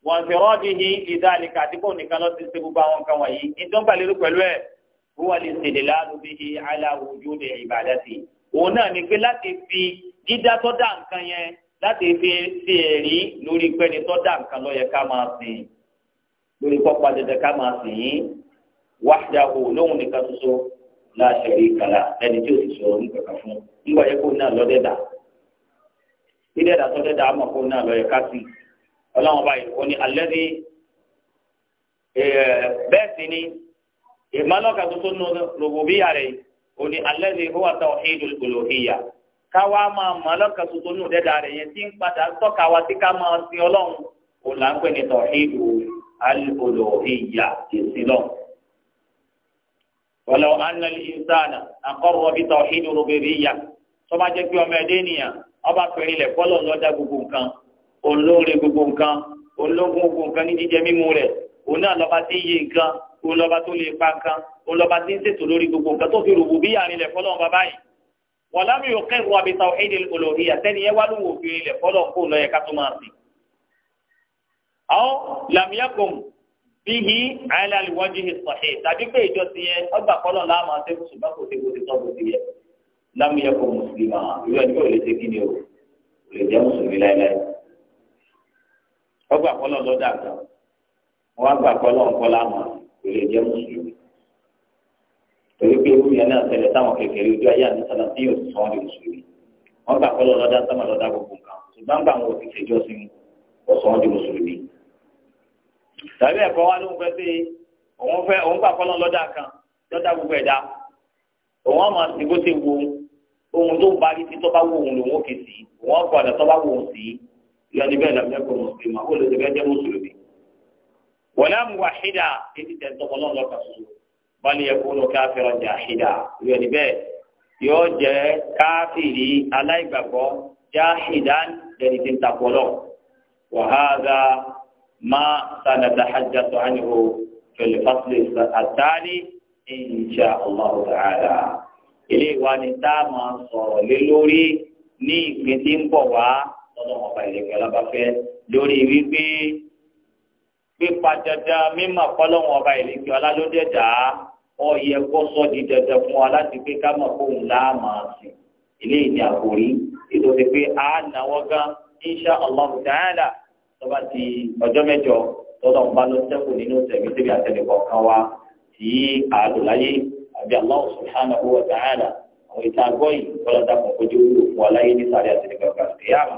wọ́n ti rọ́ọ̀dì ní ìdá àlìkà àti kò nìkan lọ́ọ́ ti ṣe gbogbo àwọn nǹkan wọ̀nyí nítorí balẹ̀rù pẹ̀lú ẹ̀ wọ́n wà lè ṣèlè láàrúbí aláwùjọ lè ìbàdà sí i òun náà ni pé láti fi dídá tó dá nǹkan yẹn láti fi ṣe ẹ̀rí lórí pẹ́ni tó dá nǹkan ló yẹ ká máa sìn lórí pọ́pá dandan ká máa sìn yín wahdahu lóhun nìkan ṣoṣo la sharika lah ẹni tí ò sì sọ̀rọ̀ nípa kan fún nígbà yẹ kó náà lọ́dẹ̀dà ilé ẹ̀dà tó ọlọ́run ọba yìí wọ́n ní alẹ́bí bẹ́ẹ̀ sì ni ìmọ̀lọ́kà tuntun nù rògbòbíyà rẹ̀ wọ́n ní alẹ́bí huwa tawhidul uluhiyya káwa máa mọ̀lọ́kà tuntun nù dẹ́dà rẹ̀ yẹn tí ń padà tọ́ka wa tí ká máa sin ọlọ́run kò là ń pè ní tawhidul uluhiyya ìsìlọ́ wọ́lọ́ anna al-insana aqarra bi tawhidul rububiyya tó bá jẹ́ pé ọmọ ẹ̀dẹ́ nìyà olóore gbogbo nǹkan ológun gbogbo nǹkan ní jíjẹ mímu rẹ̀ òun náà lọ́ba tí ń yé nǹkan òun lọ́ba tó lè pa nǹkan òun lọ́ba tí ń ṣètò lórí gbogbo nǹkan tó fi rògbò bí àárín lẹ̀ fọlọ́run bàbá yìí wọn lámì yóò kẹ́rù abisa ẹ̀dẹ̀ olóhìyà sẹ́ni ẹ wá ló wò fi ilẹ̀ fọlọ́run kó lọ́yẹ ká tó máa sìn. àwọn làmìyàkùn bíhi àìláliwájú ìsọ̀hìn tàbí pé ìjọ ti yẹ ọgbà fọlọ́ láàmú ọgbà kọlọ lọ dàgbà wọn gbà kọlọ ńkọlá mọ èrè jẹ mùsùlùmí torí pé ewu yẹn náà táwọn kékeré ojú ayé àti sọlá tí yóò sọ ọ di mùsùlùmí wọn gbà kọlọ lọ dá sọmọ lọ dá gbogbo nǹkan ṣùgbọ́n gbà wọn òfin ṣèjọ sí wọn sọ ọ di mùsùlùmí. tàbí ẹ̀kọ́ wa ló ń fẹ́ sí òun fẹ́ òun gbà kọlọ lọ́dà kan lọ́dà gbogbo ẹ̀dá òun ọmọ àtìgbó ti wo ohun tó ń bá rí yọni bẹ́ẹ̀ lọ́mẹ́kọ̀ mùsùlùmí ó lè ṣe bẹ́ẹ̀ jẹ́ mùsùlùmí. wọlé mu wà ṣídà ebi tẹ̀ tọkọlọ́ lọ kà sùn bali yakunu káfíra jà ṣídà yọni bẹ́ẹ̀ yọ jẹ́ káfíri aláìgbàgbọ́ já ṣídà lẹ́ni tí ń takọlọ́ wàhálà má sanata hajjá tó ànyìnbó fẹlẹ fásilẹ àtàlí insha allah ta'ala ilé ìwà ni tá a máa sọ̀rọ̀ lé ń bọ̀ wá lọ́dọ̀ wọn bá ìlẹ̀kẹ́ alábàfẹ́ lórí wípé pípa dandan mímọ̀ kọ́lọ́wọ́n ọba ìlẹ̀kẹ́ alálódé dà á ọ̀yẹ gbọ́sọ̀ di dandan fún wa láti pé ká mọ̀ fóun láàmà sí eléyìí ni àkòrí ètò ti pé a nàwọ́ gan insha allah ta'ala tọ́ba ti ọjọ́ mẹ́jọ tọ́lọ́ ń bá lọ sẹ́kù nínú tẹ̀mí tẹ̀mí àtẹnìkọ̀ kan wa tí a lò láyé àbí allah subhanahu wa ta'ala àwọn ìta àgọ́ yìí kọ́lá dàpọ̀ kojú wúlò fún wa láyé ní sàrẹ́ àtẹnìkọ̀ kan kìyàmù.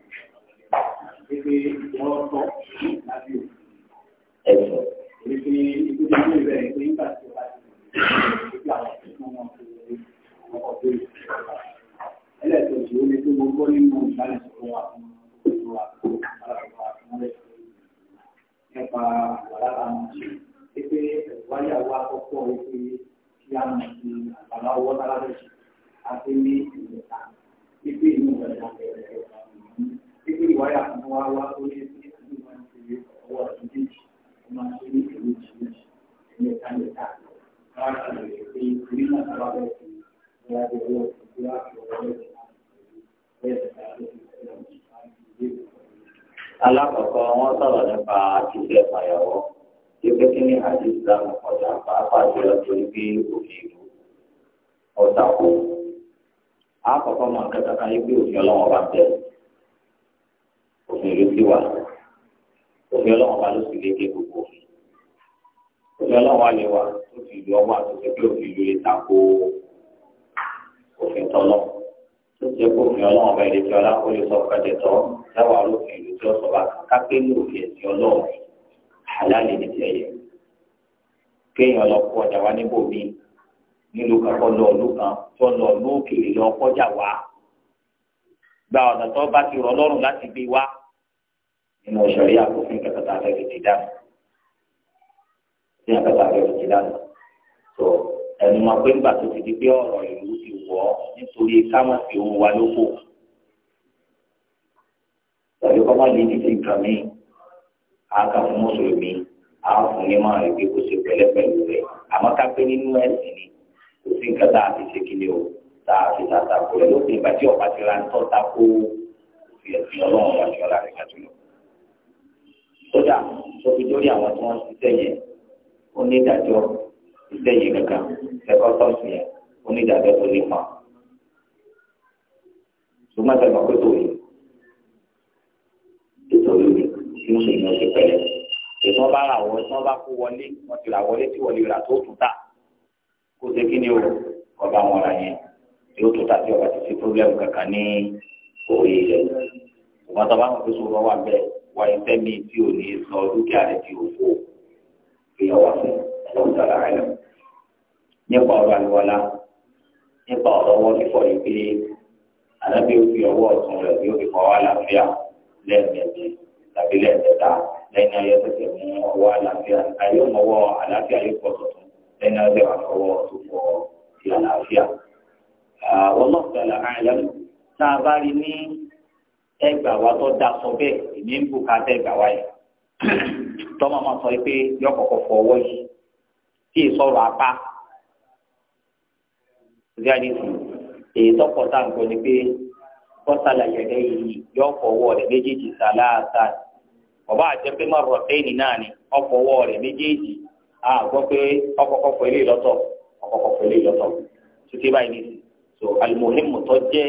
pé wọ́n tọ́ lábẹ́ òfin. ẹ̀sọ̀. pé ikú tó ń bẹ̀rẹ̀ pé nígbà tí wọ́n bá ti mọ̀ pé àwọn ìṣẹ̀kùn wọn kò lè ọkọ̀ tó lè ṣe. ẹlẹ́tọ̀ọ̀sì ó ní pé mo gbọ́ nínú ìbánisọ̀rọ̀ wa fún ọ̀rọ̀ àkókò àkọọ́lẹ̀ nípa wàhálà àwọn ṣe pé wáyà wa kọ́kọ́ wípé kí a mọ̀ sí àgbàlá ọwọ́ tálábẹ̀ṣẹ̀ àti ní ìlú ta wípé inú ìgbàlódé ọ̀rọ̀ pípé ìwáyà fún wa wá ó ṣe pé àbí wọn ti rí ọwọ́ méjì wọn máa ṣe ní ìlú méjì ẹ̀mẹ́ta mẹ́ta káwá ṣàlẹ̀ rẹ̀ pé orí náà tó bá bẹ̀ sí ìyá bí ọwọ́ òkú láti ọwọ́ rẹ̀ bẹ́ẹ̀ bẹ́ẹ̀ bẹ́ẹ̀ alákọ̀ọ́kọ́ wọ́n sọ̀rọ̀ nípa ìṣẹ̀lẹ̀ fàyàwọ́ tí ó kékeré ní ọ̀dà pàápàá jùlọ torí pé òfin ìlú ọ̀tàkùn. àkọ́kọ́ mọ̀ nǹkan kankan yìí pé òfin ọlọ́wọ́ bá bẹ̀rẹ̀. òfin ló ti wà òfin ọlọ́run wa ló sì léke gbogbo òfin òfin ọlọ́run wa lè wà tó fi ìlú ọwọ́ àtúnṣe pé òfin ìlú lè tako òfin tọ́lọ́ tó kó ọba ọlá kó lè sọ tọ́ dáwà ìlú tí ó sọ bá kápé ní òfin ẹ̀sìn ọjà wa níbò nílùú kan kọ́ lọ kan tó lọ ọ̀lú òkèèrè lọ wa gba ọ̀nà tó bá ti wa nínú ìṣòrí àkófin kẹkẹta fẹẹ ti dànù ní àkàtà fẹẹ ti dànù tó ẹnu máa pé nígbà tó ti di pé ọ̀rọ̀ ìlú ti wọ ọ nítorí káwọn fi òun wa lóko pẹ̀lú kọ́mọ́ yìí ti fi nǹkan mi àáka fún mùsùlùmí àáfún ní máa rí pé kò ṣe pẹ̀lẹ́ pẹ̀lú rẹ̀ àmọ́ ká pé nínú ẹ̀sìn ni kò sí nǹkan tá a fi ṣe kí ni o tá a fi tàtàkù rẹ̀ lópin ìgbà tí ọ̀pá ti ra ń tọ́ tako òfin ẹ̀sìn ọlọ́run wájú ọ̀la rẹ̀ kájú lọ sódà tó fi dórí àwọn tí wọ́n ṣiṣẹ́ yẹn onídàájọ́ ṣiṣẹ́ yẹn kankan ẹ̀kọ́ tọ́sí yẹn onídàájọ́ tó nípa ṣùgbọ́n àti àgbàkó tó yẹ ètò ìlú kí n ṣe ìyẹn ṣe pẹ̀lẹ́ ètò ọba ara wọ ètò ọba kó wọlé wọn ti rà wọlé tí wọlé rà tó tún tà kó ṣe kí ni o ọba wọn ra yẹn yóò tún tà tí ọba ti ṣe pírọ́blẹ́mù kankan ní orí rẹ̀ ṣùgbọ́n tọ́ba àwọn tó ṣòro wà bẹ́ẹ̀ wọ ẹsẹ mi tí ò ní sọ dúkìá rẹ di òfò fi ọwọ fún ọlọ́run tààrà rẹ lọ. nípa ọ̀rọ̀ àlùwọlá nípa ọ̀rọ̀ ọwọ́ fífọ yìí pé ànábì ó fi ọwọ́ ọ̀tún rẹ bí ó fi fọwọ́ àlàáfíà lẹ́ẹ̀mejì tàbí lẹ́ẹ̀mẹ́ta lẹ́yìn ayé tẹsẹ mú ọwọ́ àlàáfíà ayé ọmọwọ àlàáfíà yóò pọ tuntun lẹ́yìn ayé tẹwà fọwọ́ tó fọ ti àlàáfíà. ọlọ́run tààrà ẹgbà wa tó da sọ bẹ́ẹ̀ èmi ń bùkátà ẹgbà wa yẹn tọ́mọ máa sọ pé yọkọ̀kọ̀ fọ ọwọ́ yìí tí ìsọ̀rọ̀ apá ríálítì èyí tọ́pọ̀ tá à ń gbọ́ ni pé bọ́sàlà yẹ̀dẹ́ yìí yọ fọwọ́ rẹ̀ méjèèjì sàlàáta ọba àjẹ́ pé má rọ̀ tẹ́ẹ̀nì náà ni ọfọwọ́ rẹ̀ méjèèjì a gbọ́ pé ọkọ̀kọ̀fọ̀ ilé lọ́tọ̀ ọkọ̀kọ̀fọ̀ ilé lọ́tọ̀ títí báyìí nìyí so alimohimu tó jẹ́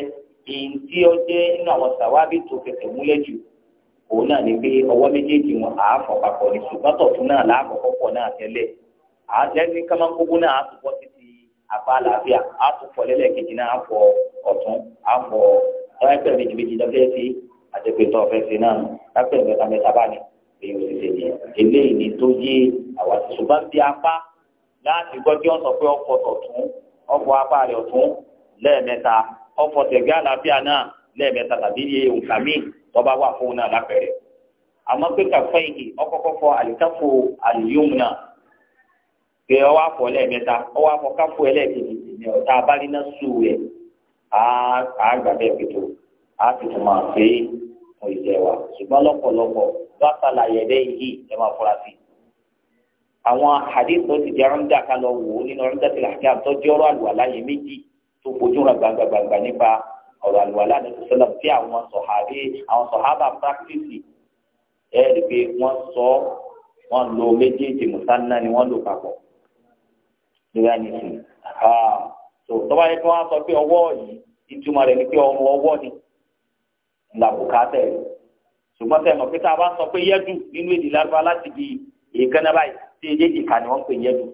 èyí tí ó jẹ́ nínú àwọn sàwábì tó fẹsẹ̀ múlẹ̀ jù òun náà ni pé ọwọ́ méjèèjì wọn àáfọ̀ papọ̀ ní náà láàkọ́kọ́ pọ̀ náà tẹ́lẹ̀ àtẹ́ni kámánkókó náà àtúbọ̀ títí àlàáfíà lẹ́lẹ́kejì náà ọ̀tún méjìméjì lọ́fẹ́ sí àtẹ̀pẹ̀tọ̀ ọ̀fẹ́ sí náà mẹ́ta mẹ́ta báyìí èyí ò sì eléyìí tó ọfọ̀tẹ̀gá àlàáfíà náà lẹ́ẹ̀mẹ́ta tàbí iye òǹkà míì wà fún un náà lápẹ̀rẹ̀ àmọ́ pé kàfọ́ ìhì ọkọ̀kọ́ fọ àlìkáfọ́ pé ní sù rẹ̀ àgbàbẹ́ pẹ̀tọ́ á pé mo ìjẹ wa ṣùgbọ́n lọ́pọ̀lọpọ̀ lọ́sàlà yẹ̀dẹ́ yìí ẹ máa fura sí àwọn àdéhùn tó ti lọ wò ó nínú àlùwàlá méjì tó kojú ra gbàgbàgbàgbà nípa ọ̀rọ̀ àlùwàlá ní sọ́lá tí àwọn sọ̀hábì àwọn sọ̀hábà practice ẹ̀ rí pé wọ́n sọ wọ́n lo méjèèjì mùsànnà ni wọ́n lò papọ̀ lóyún àníṣe tó tọ́ba yẹn kí wọ́n á sọ pé ọwọ́ yìí ìtumọ̀ rẹ̀ ni pé ọrùn ọwọ́ ni làbùkátẹ̀ ṣùgbọ́n tẹ̀ mọ̀ pé tá a bá sọ pé yẹ́dù nínú èdè lárúbá láti di èékánná báyìí tí èdè ìka wọ́n pè yẹ́dù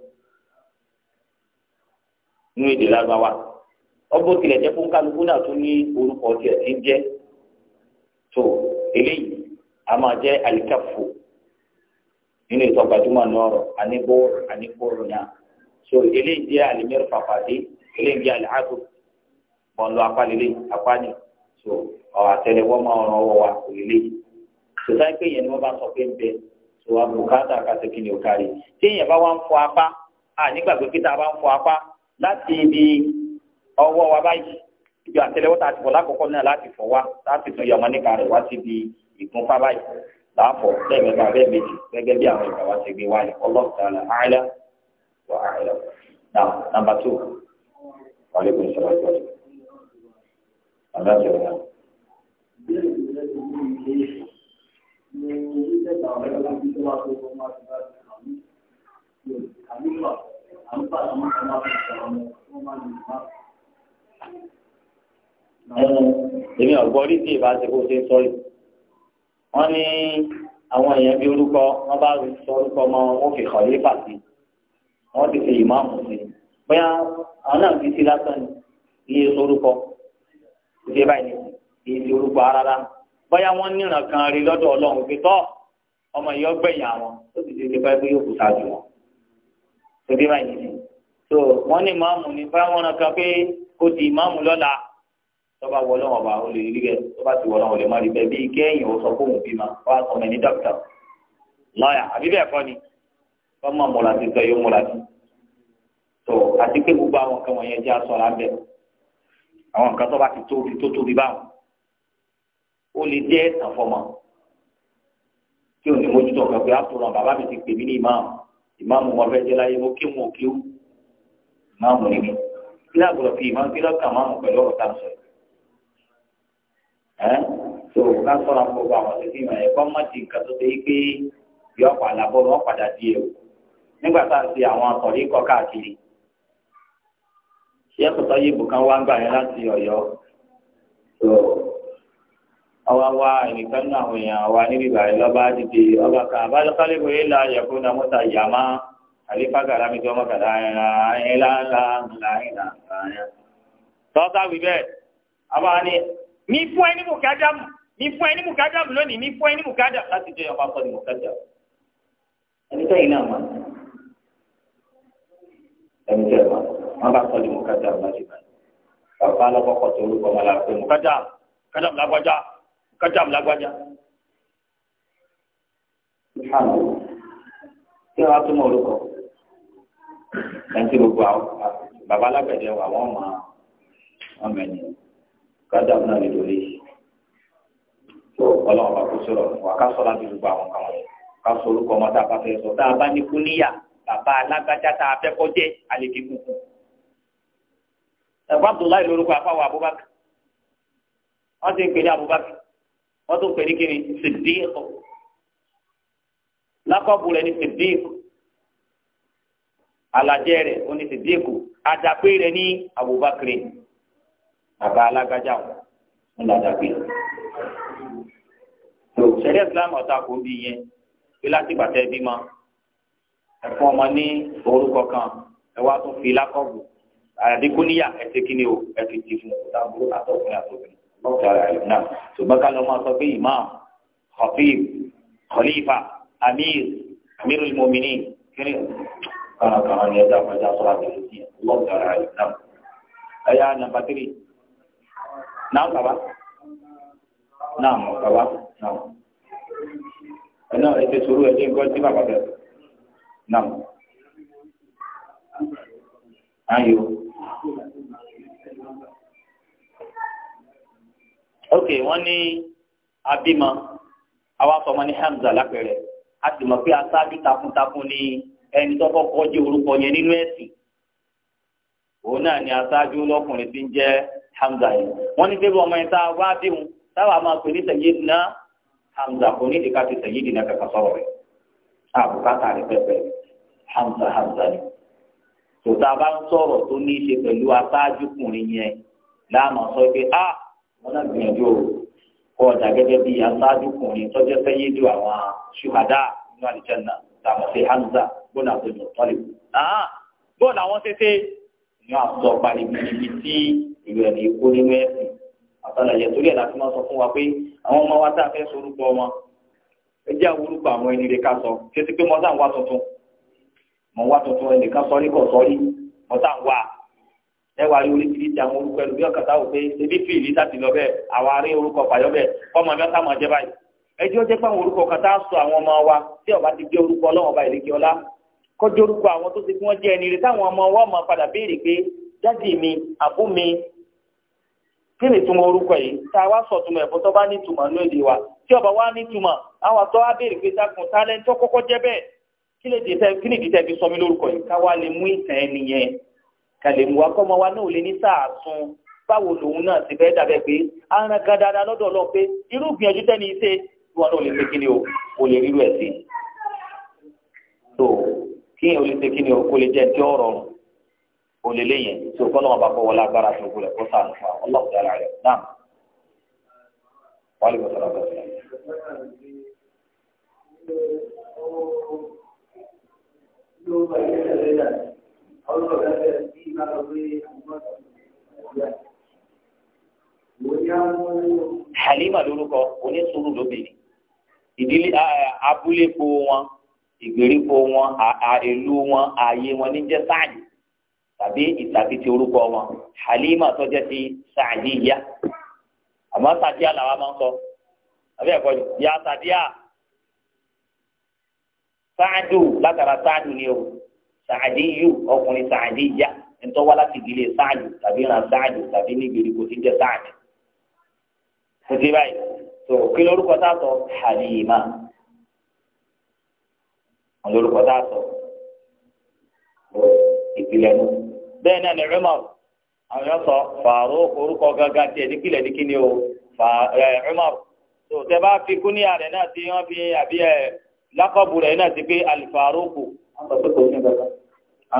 nínú èdè lárúbá wa ọgbọ́n tilẹ̀ jẹ́ fún kálukú náà tún ní orúkọ tiẹ̀ tí ń jẹ́ tó eléyìí a máa jẹ́ àlìkàfò nínú ìtọ́ gbajúmọ̀ náà rọ̀ anígbòrò anígbòrò náà so eléyìí jẹ́ àlìmẹ́rù pàpàdé eléyìí jẹ́ àlìhàtò bọ́ńdọ̀ apálẹ́lẹ́ apáni so àtẹlẹwọ́ máa ràn ọwọ́ wa eléyìí tó sáyé pé yẹn ni wọ́n bá sọ pé ń bẹ tó wà bùkátà kàtẹ́kì ni ò ọwọ́ wa báyìí ibi àtẹ́lẹwọ́ tá a ti fọ̀ lákọ̀ọ́kọ́ náà láti fọ̀ wá láti tún yọmọ níka rẹ̀ wá síbi ìgúnpá báyìí láàfọ̀ lẹ́ẹ̀mẹ́ta bẹ́ẹ̀ méjì gẹ́gẹ́ bí àwọn ìgbà wa ti gbé wáyé Allahu ta'ala a'la wa a'la now number two wàlẹ́kùn sọ̀rọ̀ sọ̀rọ̀ àbá sọ̀rọ̀ náà. Thank you èmi ọ̀gbọ́n rí sí ìbáṣe kó ṣe sọ́ọ̀lì wọ́n ní àwọn èèyàn bíi orúkọ wọ́n bá sọ orúkọ ọmọ wọn ó fi kọ̀ yé pàṣẹ wọ́n ti fi ìmáàmù sí i bóyá àwọn náà fi sí lásán ni iye sorúkọ ìdí báyìí iye ti orúkọ rárá bóyá wọ́n níran kan rí lọ́dọ̀ ọlọ́run fi tọ́ ọmọ yìí àwọn ó sì ti ṣe pé yóò kú sáájú wọn ìdí báyìí so wọ́n ní ìmáàmù ní báwọn ọ̀nà kan pé kó di ìmáàmù lọ́la tọ́ba wọ lọ́wọ́ bá olè rí rẹ̀ tọ́ba ti wọ lọ́wọ́ lè má rí bẹ́ẹ̀ bí kéèyàn ó sọ fóun bímọ wá sọmọ ní dókítà lọ́yà àbí bẹ́ẹ̀ kọ́ ni fọ́mọ múra ti sọ yóò múra ti tó àti pé gbogbo àwọn kan wọ̀nyẹn jẹ́ aṣọ àbẹ̀ àwọn nǹkan tọ́ba ti tóbi tó tóbi báwọn ó lè jẹ́ ẹ̀sán fọmọ tí ò ní kan pé àtúrọ̀ bàbá mi ti pè mí ní ìmáàmù ìmáàmù máa mú níbi kí lágbọ̀dọ̀ fi ìmọ̀ kí lọ́kàn máa mú pẹ̀lú ọ̀tá sọ ẹ́ tó ká sọ̀rọ̀ gbogbo àwọn tó fi hàn ikpe mọ́ ti nǹkan tó ṣe pé yọ padà bọ́ wọn padà di nígbà tá a ṣe àwọn akọ̀rí kọ́ káàkiri ṣé ẹ̀kọ́ tọ́yé wá ń gbà yẹn láti ọ̀yọ́ tó náà àlefa gàdá mi jọ ọmọ gàdá yẹn la yẹn la la la yẹn la la yẹn. tọ́ta wí bẹ́ẹ̀ àbá ni mi fún ẹ ní mùkádàmù mi fún ẹ ní mùkádàmù lónìí mi fún ẹ ní mùkádàmù láti jẹ ọmọ akọni mùkádàmù. ẹni sẹ́yìn náà mọ̀ ẹni sẹ́yìn mọ̀ wọ́n bá kọ́ni mùkádàmù láti bá yẹn. bàbá alákọ̀ọ́kọ́ tó orúkọ ọmọ làpẹ́ mùkádàmù mùkádàmù lágbájá mùkádàmù lágbájá kí wọ́n tún mọ orúkọ ẹnití gbogbo àwọn baba alágbẹ̀dẹ wà wọ́n mọ wọn mẹ́ni gádà náà lè lórí tó ọlọ́run bá kó sọ̀rọ̀ wà ká sọ̀rọ̀ àti gbogbo àwọn kan wọ̀nyí ká sọ orúkọ ọmọ tá a bá fẹ́ sọ tá a bá ní kú níyà bàbá alágbájá tá a fẹ́ kọjẹ́ àlejò kúkú ẹ̀fọ́ Abdullahi lórúkọ afáwọ̀ Abubakar wọ́n ti ń pè ní Abubakar wọ́n tún pè ní kíni Siddiq lákọ̀ọ́bù rẹ̀ ní Siddiq alajẹ rẹ onisibieku adakpe rẹ ní abubakar baba alágbájá wọn ní adakpe tó sẹ̀ríà islam ọ̀tá kò bí yẹn pé láti gbàtẹ́ bímọ ẹ̀fọn ọmọ ní orúkọ kan ẹ wá tún fi lákọ̀bù àdínkù o ẹsẹ̀ ti fún ọ̀tàbùrú àtọ̀kùnrin àtọ̀kùnrin lọ́kùnrin ara ẹ̀ náà ṣùgbọ́n ká ló máa sọ pé imam khatib khalifa amir amirul mu'minin kiri kana kana ni da fa da sura da shi Allah ta'ala alim nam aya number 3 na'am baba na'am baba na'am ana ite suru ite ko ti baba da na'am ayo ok ni ní abímọ àwọn afọmọ ní Hamza lápẹẹrẹ a sì mọ̀ pé aṣáájú takuntakun ní ẹni tó kọ́kọ́ jẹ́ orúkọ yẹn nínú ẹ̀sìn òun náà ni aṣáájú lọ́kùnrin tí ń jẹ́ Hamza yẹn wọ́n ní bébí ọmọ yẹn tá a wá bí wọn táwa máa pè ní Sayyidina Hamza kò ní ìdíkà ti Sayyidina kàkà sọ̀rọ̀ rẹ̀ àbùkátà rẹ̀ pẹ̀pẹ̀ Hamza Hamza ni tòtá bá ń sọ̀rọ̀ tó ní í ṣe pẹ̀lú aṣáájú kùnrin yẹn láàmú sọ pé a wọn náà gbìyànjú o kọ ọjà gẹ́gẹ́ bí aṣáájú kùnrin tọ́jọ́ fẹ́ yé du àwọn ṣùhàdá nínú àlùjánnà náà. tàwọn ṣe hamza bọ́lá àti mọ̀tọ́lì. bọ́ọ̀lù àwọn tètè ni wọ́n sọ parí ibi tí ìlú ẹ̀rí kó nínú ẹ̀sìn àtàlàyé torí ẹ̀ láti máa sọ fún wa pé àwọn ọmọ wa tá a fẹ́ sorúkọ ẹ jẹ́ àwọn ẹni ká sọ títí pé mọ́tà ń wá tuntun wá tuntun ń wá ẹ wà rí oríṣiríṣi àwọn orúkọ ẹlòmíràn pé fìlì ẹjọ́ jẹ́ pé àwọn orúkọ kan tá a sọ àwọn ọmọ wa tí ọba ti jẹ́ orúkọ ọlọ́wọ́n ọba ìlẹ́kẹ́ ọlá kọjú orúkọ àwọn tó ti fi wọ́n jẹ́ ẹni rẹ̀ táwọn ọmọ wa máa padà béèrè pé jáde mi àbú mi kí ni ìtumọ̀ orúkọ yìí tá a wá sọ ìtumọ̀ ẹ̀fọ́ tó bá ní ìtumọ̀ ní èdè wa tí ọba wa ní ìtumọ̀ àwọn àtọ́ á béèrè pé dákun tálẹ́ńtọ́ kọ́kọ́ jẹ́ bẹ́ẹ̀ kí ni ìdí tẹ́ fi sọ mí lórúkọ yìí ká wá lè mú ìtàn ẹni ká lè mú wa kọ́ ọmọ wa náà lè ní sáà báwo lòun náà ti fẹ́ dàbẹ́ pé aràn kan dáadáa lọ́dọ̀ irú gbìyànjú tẹ́ni iṣẹ́ wọn náà lè ṣe kíni o kò lè rírú ẹ̀ sí tó kí o lè ṣe kíni o kò lè jẹ tí ó rọrùn o lè léyìn tó kọ́nà wọn bá kọ́ wọlé agbára tó kú rẹ̀ kó sànù fún wa ọlọ́run yàrá rẹ̀ náà wàhálì bọ̀ sọ̀rọ̀ bọ̀ Halima lórúkọ onísùúrù lóbìnrin ìdílé abúlépo wọn ìgbèríko wọn ìlú wọn ààyè wọn níjẹ sáàdì tàbí ìtàbí ti orúkọ wọn halima tọjẹ ti sáàdì yá àmọ́ sàdíà làwọn máa ń sọ àbí ẹ̀kọ́ yá sàdíà sáàdù látara sáàdù ni o sáàdì yù ọkùnrin sáàdì yá ntọ́ wá láti ìdílé sáàdù tàbí ìran sáàdù tàbí nígbèríko ti jẹ sáàdì. Kò sí báyìí. tó kí l'orúkọ tá a sọ Halima l'orúkọ tá a sọ ìpìlẹ̀ nù bẹ́ẹ̀ náà ni Umar àwọn yóò sọ Faruq orúkọ gángan tiẹ̀ nípìlẹ̀ ní kíni o Umar tó tẹ bá fi kúníyà rẹ̀ náà ti wọ́n fi àbí ẹ̀ lákọ̀bù rẹ̀ náà ti pé Al-Faruq àwọn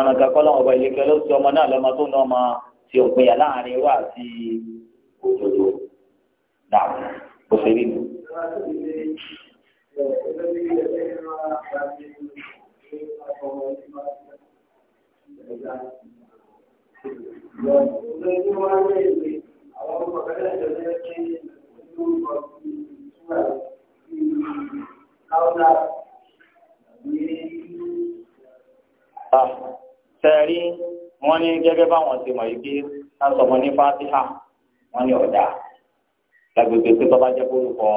ọ̀gá lọ́wọ́ ọba ìlẹ́kẹ́ ló ti ọmọ náà lọ́mọ tó náà máa ti òpin láàrin wa àti bó ṣe rí Tẹ̀rí ah, wọ́n ní gẹ́gẹ́ báwọn ti mọ̀ yìí ká sọmọ ní Fátíhà wọ́n ní ọ̀dà lágbègbè pé bàbá jẹ́ kólùkọ́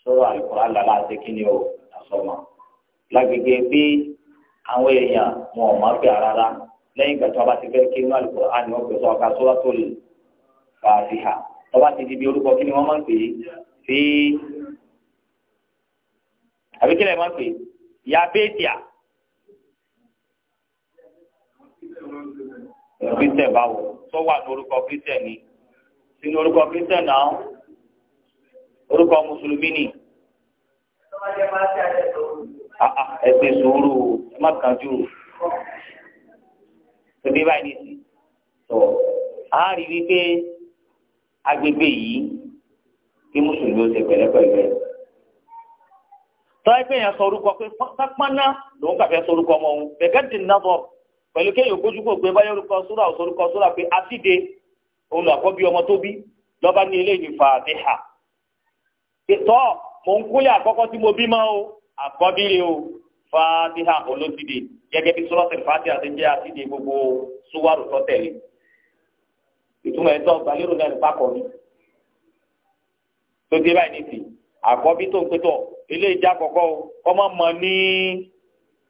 sọ̀rọ̀ àlùkò àlàlà àti kíni o àsọmọ lágbègbè pé àwọn èèyàn wọn ò má fẹ́ rárá lẹ́yìn ìgbà tí wọ́n bá ti fẹ́ kí inú àlùkò àni wọ́n pè sọ ọ̀ka sọ́rọ́ tó lè fà á sí ha wọ́n bá ti di bí orúkọ kíni wọ́n máa ń pè é sí àbí kílẹ̀ máa ń pè é ya béèdìà kristian báwo sọ wà ní kristian ni sínú orúkọ kristian náà orúkọ mùsùlùmí ni. Ah, ah, ẹ ṣe sùúrù ẹ má kánjú tẹ̀lé báyìí nìsí. tó a rí wípé agbègbè yìí kí mùsùlùmí ó ṣe pẹ̀lẹ́pẹ̀lẹ́ tọ́wọ́ pé èèyàn sọ orúkọ pé sápánná lòun kà fẹ́ sọ orúkọ ọmọ òun bẹ̀gẹ́dì nàbọ̀ pẹ̀lú kéèyàn kójú kò gbé báyọ̀ orúkọ sóra òsórúkọ sóra pé àtìdé olùwàkọ́bí ọmọ tó bí lọ́ba ní ilé ìdí fàtíhà ìtọ́ mò ń kúlẹ̀ àkọ́kọ́ tí mo bí mọ́ o àkọ́bí rẹ o fàtíhà olóṣìdè gẹ́gẹ́ bí sọ́lọ́sẹ̀ fàtíhà ti jẹ́ àtìdè gbogbo súwárù tó tẹ̀lé ìtumọ̀ ẹ̀tọ́ gbalérò náà nípa kọ́ ni tó dé báyìí nìsí àkọ́bí tó ń pétọ̀ ilé ìjà àkọ́kọ́ o kọ́ mọ́ ní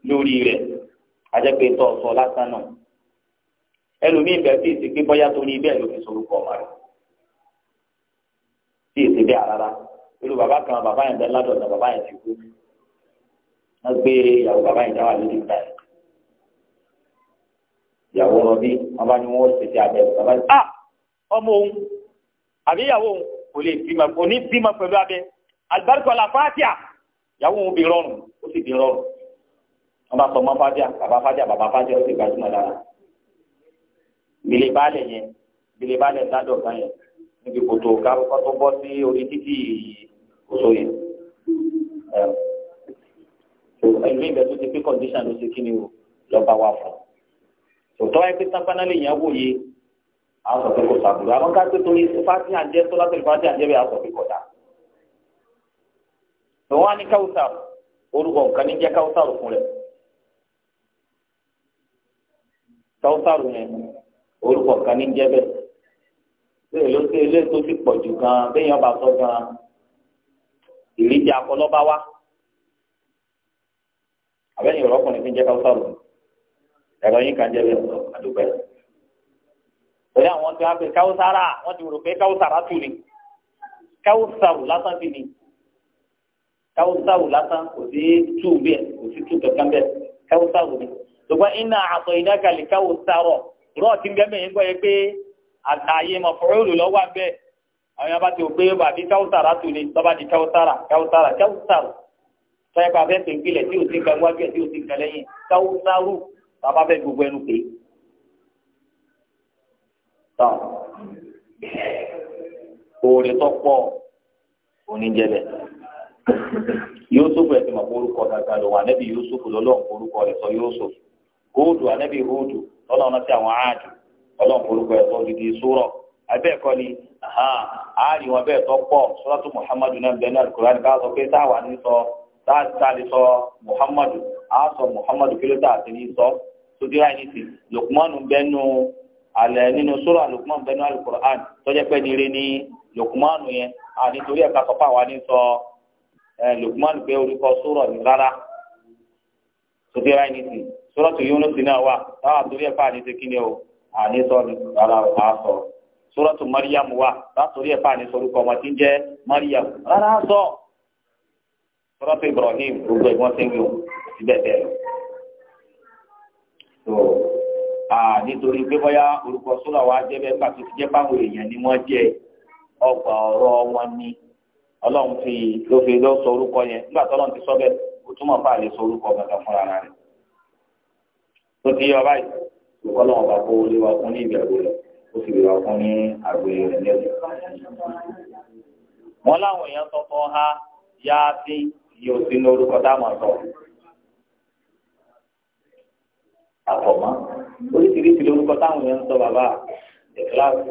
lórí rẹ̀ àjẹpẹ́tọ̀ sọ lásán náà ẹlòmíín bẹ́ẹ̀ tí èsì pé bọ́yá torí bẹ́ẹ̀ ló fi sorúkọ ọmọ rẹ̀ tí èsì bẹ́ẹ̀ rárá irú bàbá kan bàbá yẹn bẹ́ẹ̀ ládọ̀dọ̀ bàbá yẹn ti kú wọ́n gbé ìyàwó bàbá yẹn dáwà lórí ìgbà yẹn ìyàwó lọ bí wọ́n bá ní wọ́n ṣe ti abẹ́ bàbá yẹn ah ọmọ òun àbí ìyàwó òun kò lè bímọ kò ní bímọ pẹ̀lú abẹ́ alibarika la fatia ìyàwó òun bí rọrùn ó sì bí rọrùn wọ́n bá sọ ọmọ fatia bàbá fatia bàbá fatia ó sì gbajúmọ̀ dára gbèlè baálẹ̀ yẹn gbèlè baálẹ̀ sádọ̀ kan yẹn níbi kòtò kárúkọ tó bọ́ sí orí títì kòtò yẹn ẹlòmí ìbẹ̀ tó ti pé condition ló ṣe kí ni o lọ́ba wà fún tòótọ́ ẹ pé sápánálì yẹn wòye a sọ pé kò sàbùrù àwọn ká pé torí fásitì àjẹ tó látọ̀ fásitì àjẹ bẹ́ẹ̀ a sọ pé kọjá tòun á ní káwùsàrù orúkọ nǹkan ní jẹ́ káwùsàrù fún rẹ̀ káwùsàrù yẹn orúkọ kan ní jẹ́bẹ̀ ṣé èló ṣe ilé tó ti pọ̀ jù gan béèyàn bá sọ gan ìrídìí akọlọ́ba wá abẹ́yìn ọ̀rọ̀kùnrin fi ń jẹ́ káwùsà lò ẹ̀rọ yín kan jẹ́bẹ̀ àdúgbò ẹ̀ pẹ̀lú àwọn tó wá pé káwùsàrà wọ́n ti rò pé káwùsàrà tù ní káwùsàrù lásán sì ni káwùsàrù lásán kò sí tù bẹ́ẹ̀ kò sí tù kankan bẹ́ẹ̀ káwùsàrù ni ṣùgbọ́n iná àtọ̀ ìdákàlẹ̀ káwùsàrọ̀ rọ́ọ̀ tí ń bẹ́ẹ̀ bẹ́ẹ̀ gbọ́ yẹ pé àtàyè mọ̀fọ́rọ́lù lọ́wọ́ àbẹ́ àwọn yàrá ti gbé bàbí káwùsàrà tó lè tọ́ba di káwùsàrà káwùsàrà káwùsàrà tọ́yẹ pa fẹ́ẹ́ pèpìlẹ̀ tí o ti kan wájú ẹ̀ tí o ti kan lẹ́yìn káwùsàrù bàbá fẹ́ gbogbo ẹnu pé. tán oore tó pọ̀ oníjẹlẹ̀ Yusuf ẹ̀ ti mọ̀ orúkọ gàgà lọ́wọ́ ànẹ́bí Yusuf lọ́lọ́ọ̀ orúkọ rẹ̀ sọ Yusuf hóòdù ànábì hóòdù ọlọ́run náà ti àwọn áàdù ọlọ́run forúkọ ẹ̀ sọ dídí sórọ̀ abẹ́ẹ̀kọ́ ni àárín wọn bẹ́ẹ̀ tó pọ̀ sọ́dọ̀tún muhammadu náà bẹ́ẹ̀ náà kúrò ní káàsọ pé táwa ní sọ táà lè sọ muhammadu á sọ muhammadu kí ló tà sí ní sọ sotira yìí ti lukumanu bẹ́nu alẹ́ nínú sórọ̀ lukumanu bẹ́nu alukur'an tọ́jà pẹ́ ní ní lukumanu yẹn nítorí ẹ̀ka sọ́pọ̀ àwa ní sọ lukumanu pé orúkọ sórọ̀ ní rárá sotira yìí ti sọ́rọ́tù Yunus náà wà táwọn àtúrí ẹ̀fà àní ṣe kíni o àní sọ ni rárá o máa sọ sọ́rọ́tù Mariam wà látòrí ẹ̀fà àní sọrúkọ ọmọ tí ń jẹ́ Mariam rárá sọ sọ́rọ́tù Ibrahim gbogbo ìwọ́n ti ń wí o ti bẹ́ẹ̀ bẹ́ẹ̀ lọ. nítorí pé bóyá orúkọ sọ́rọ̀ wa jẹ́ bẹ́ẹ̀ pàtó ti jẹ́ báwọn èèyàn ni wọ́n jẹ ọgbà ọ̀rọ̀ wọn ni ọlọ́run fi ló fi lọ́ sọ orúkọ yẹn nígbà tọ́lọ́run ti sọ bẹ́ẹ̀ kò túmọ̀ fà lè sọ orúkọ gbàgbà fúnra rẹ̀ tó ti yọ báyìí ṣùgbọ́n náà bá kó lé wa fún ní ìbẹ̀rù rẹ̀ ó sì lè wa fún ní àgbèrè rẹ̀ lẹ́yìn. wọ́n láwọn èèyàn sọ fún ha yá sí iye òsì ní orúkọ táwọn sọ. àfọ̀mọ́ oríṣiríṣi lórúkọ táwọn èèyàn sọ bàbá ìkíláàsì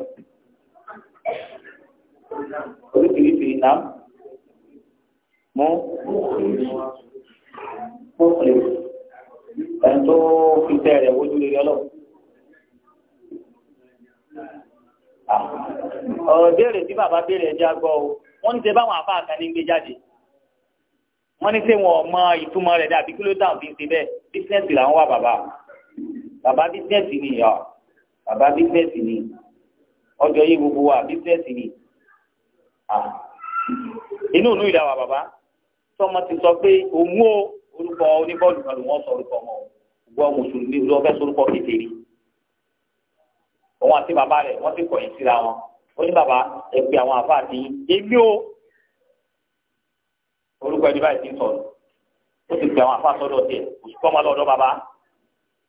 oríṣiríṣi iná mú mú ẹni tó fi tẹ rẹ̀ wojú rere ọlọ́run. Ah, ọ̀rọ̀ béèrè tí bàbá béèrè ẹja gbọ́ o wọ́n ní ṣe báwọn àfáà kan ní gbé jáde wọ́n ní ṣe wọn ò mọ ìtumọ̀ rẹ̀ dàbí kí ló dáhùn fi ń ṣe bẹ́ẹ̀ bísínẹ́sì làwọn wà bàbá bàbá bísínẹ́sì ni ìyá bàbá bísínẹ́sì ni ọjọ́ yìí gbogbo wa bísínẹ́sì ni ah. inú ìlú ìlà bàbá tọmọ ti sọ pé òun o orúkọ oníbọ́ọ̀lù kan ló wọ́n sọ orúkọ ọmọ ògbọ́ mùsùlùmí ló fẹ́ sorúkọ kékeré òun àti bàbá rẹ̀ wọ́n ti kọ̀yìn síra wọn ó ní bàbá ẹ pé àwọn àfa àti èmi o orúkọ ẹni báyìí ti sọ̀rọ̀ ó ti pè àwọn àfa sọ́dọ̀ tiẹ̀ kò sí kọ́mọ lọ́dọ̀ bàbá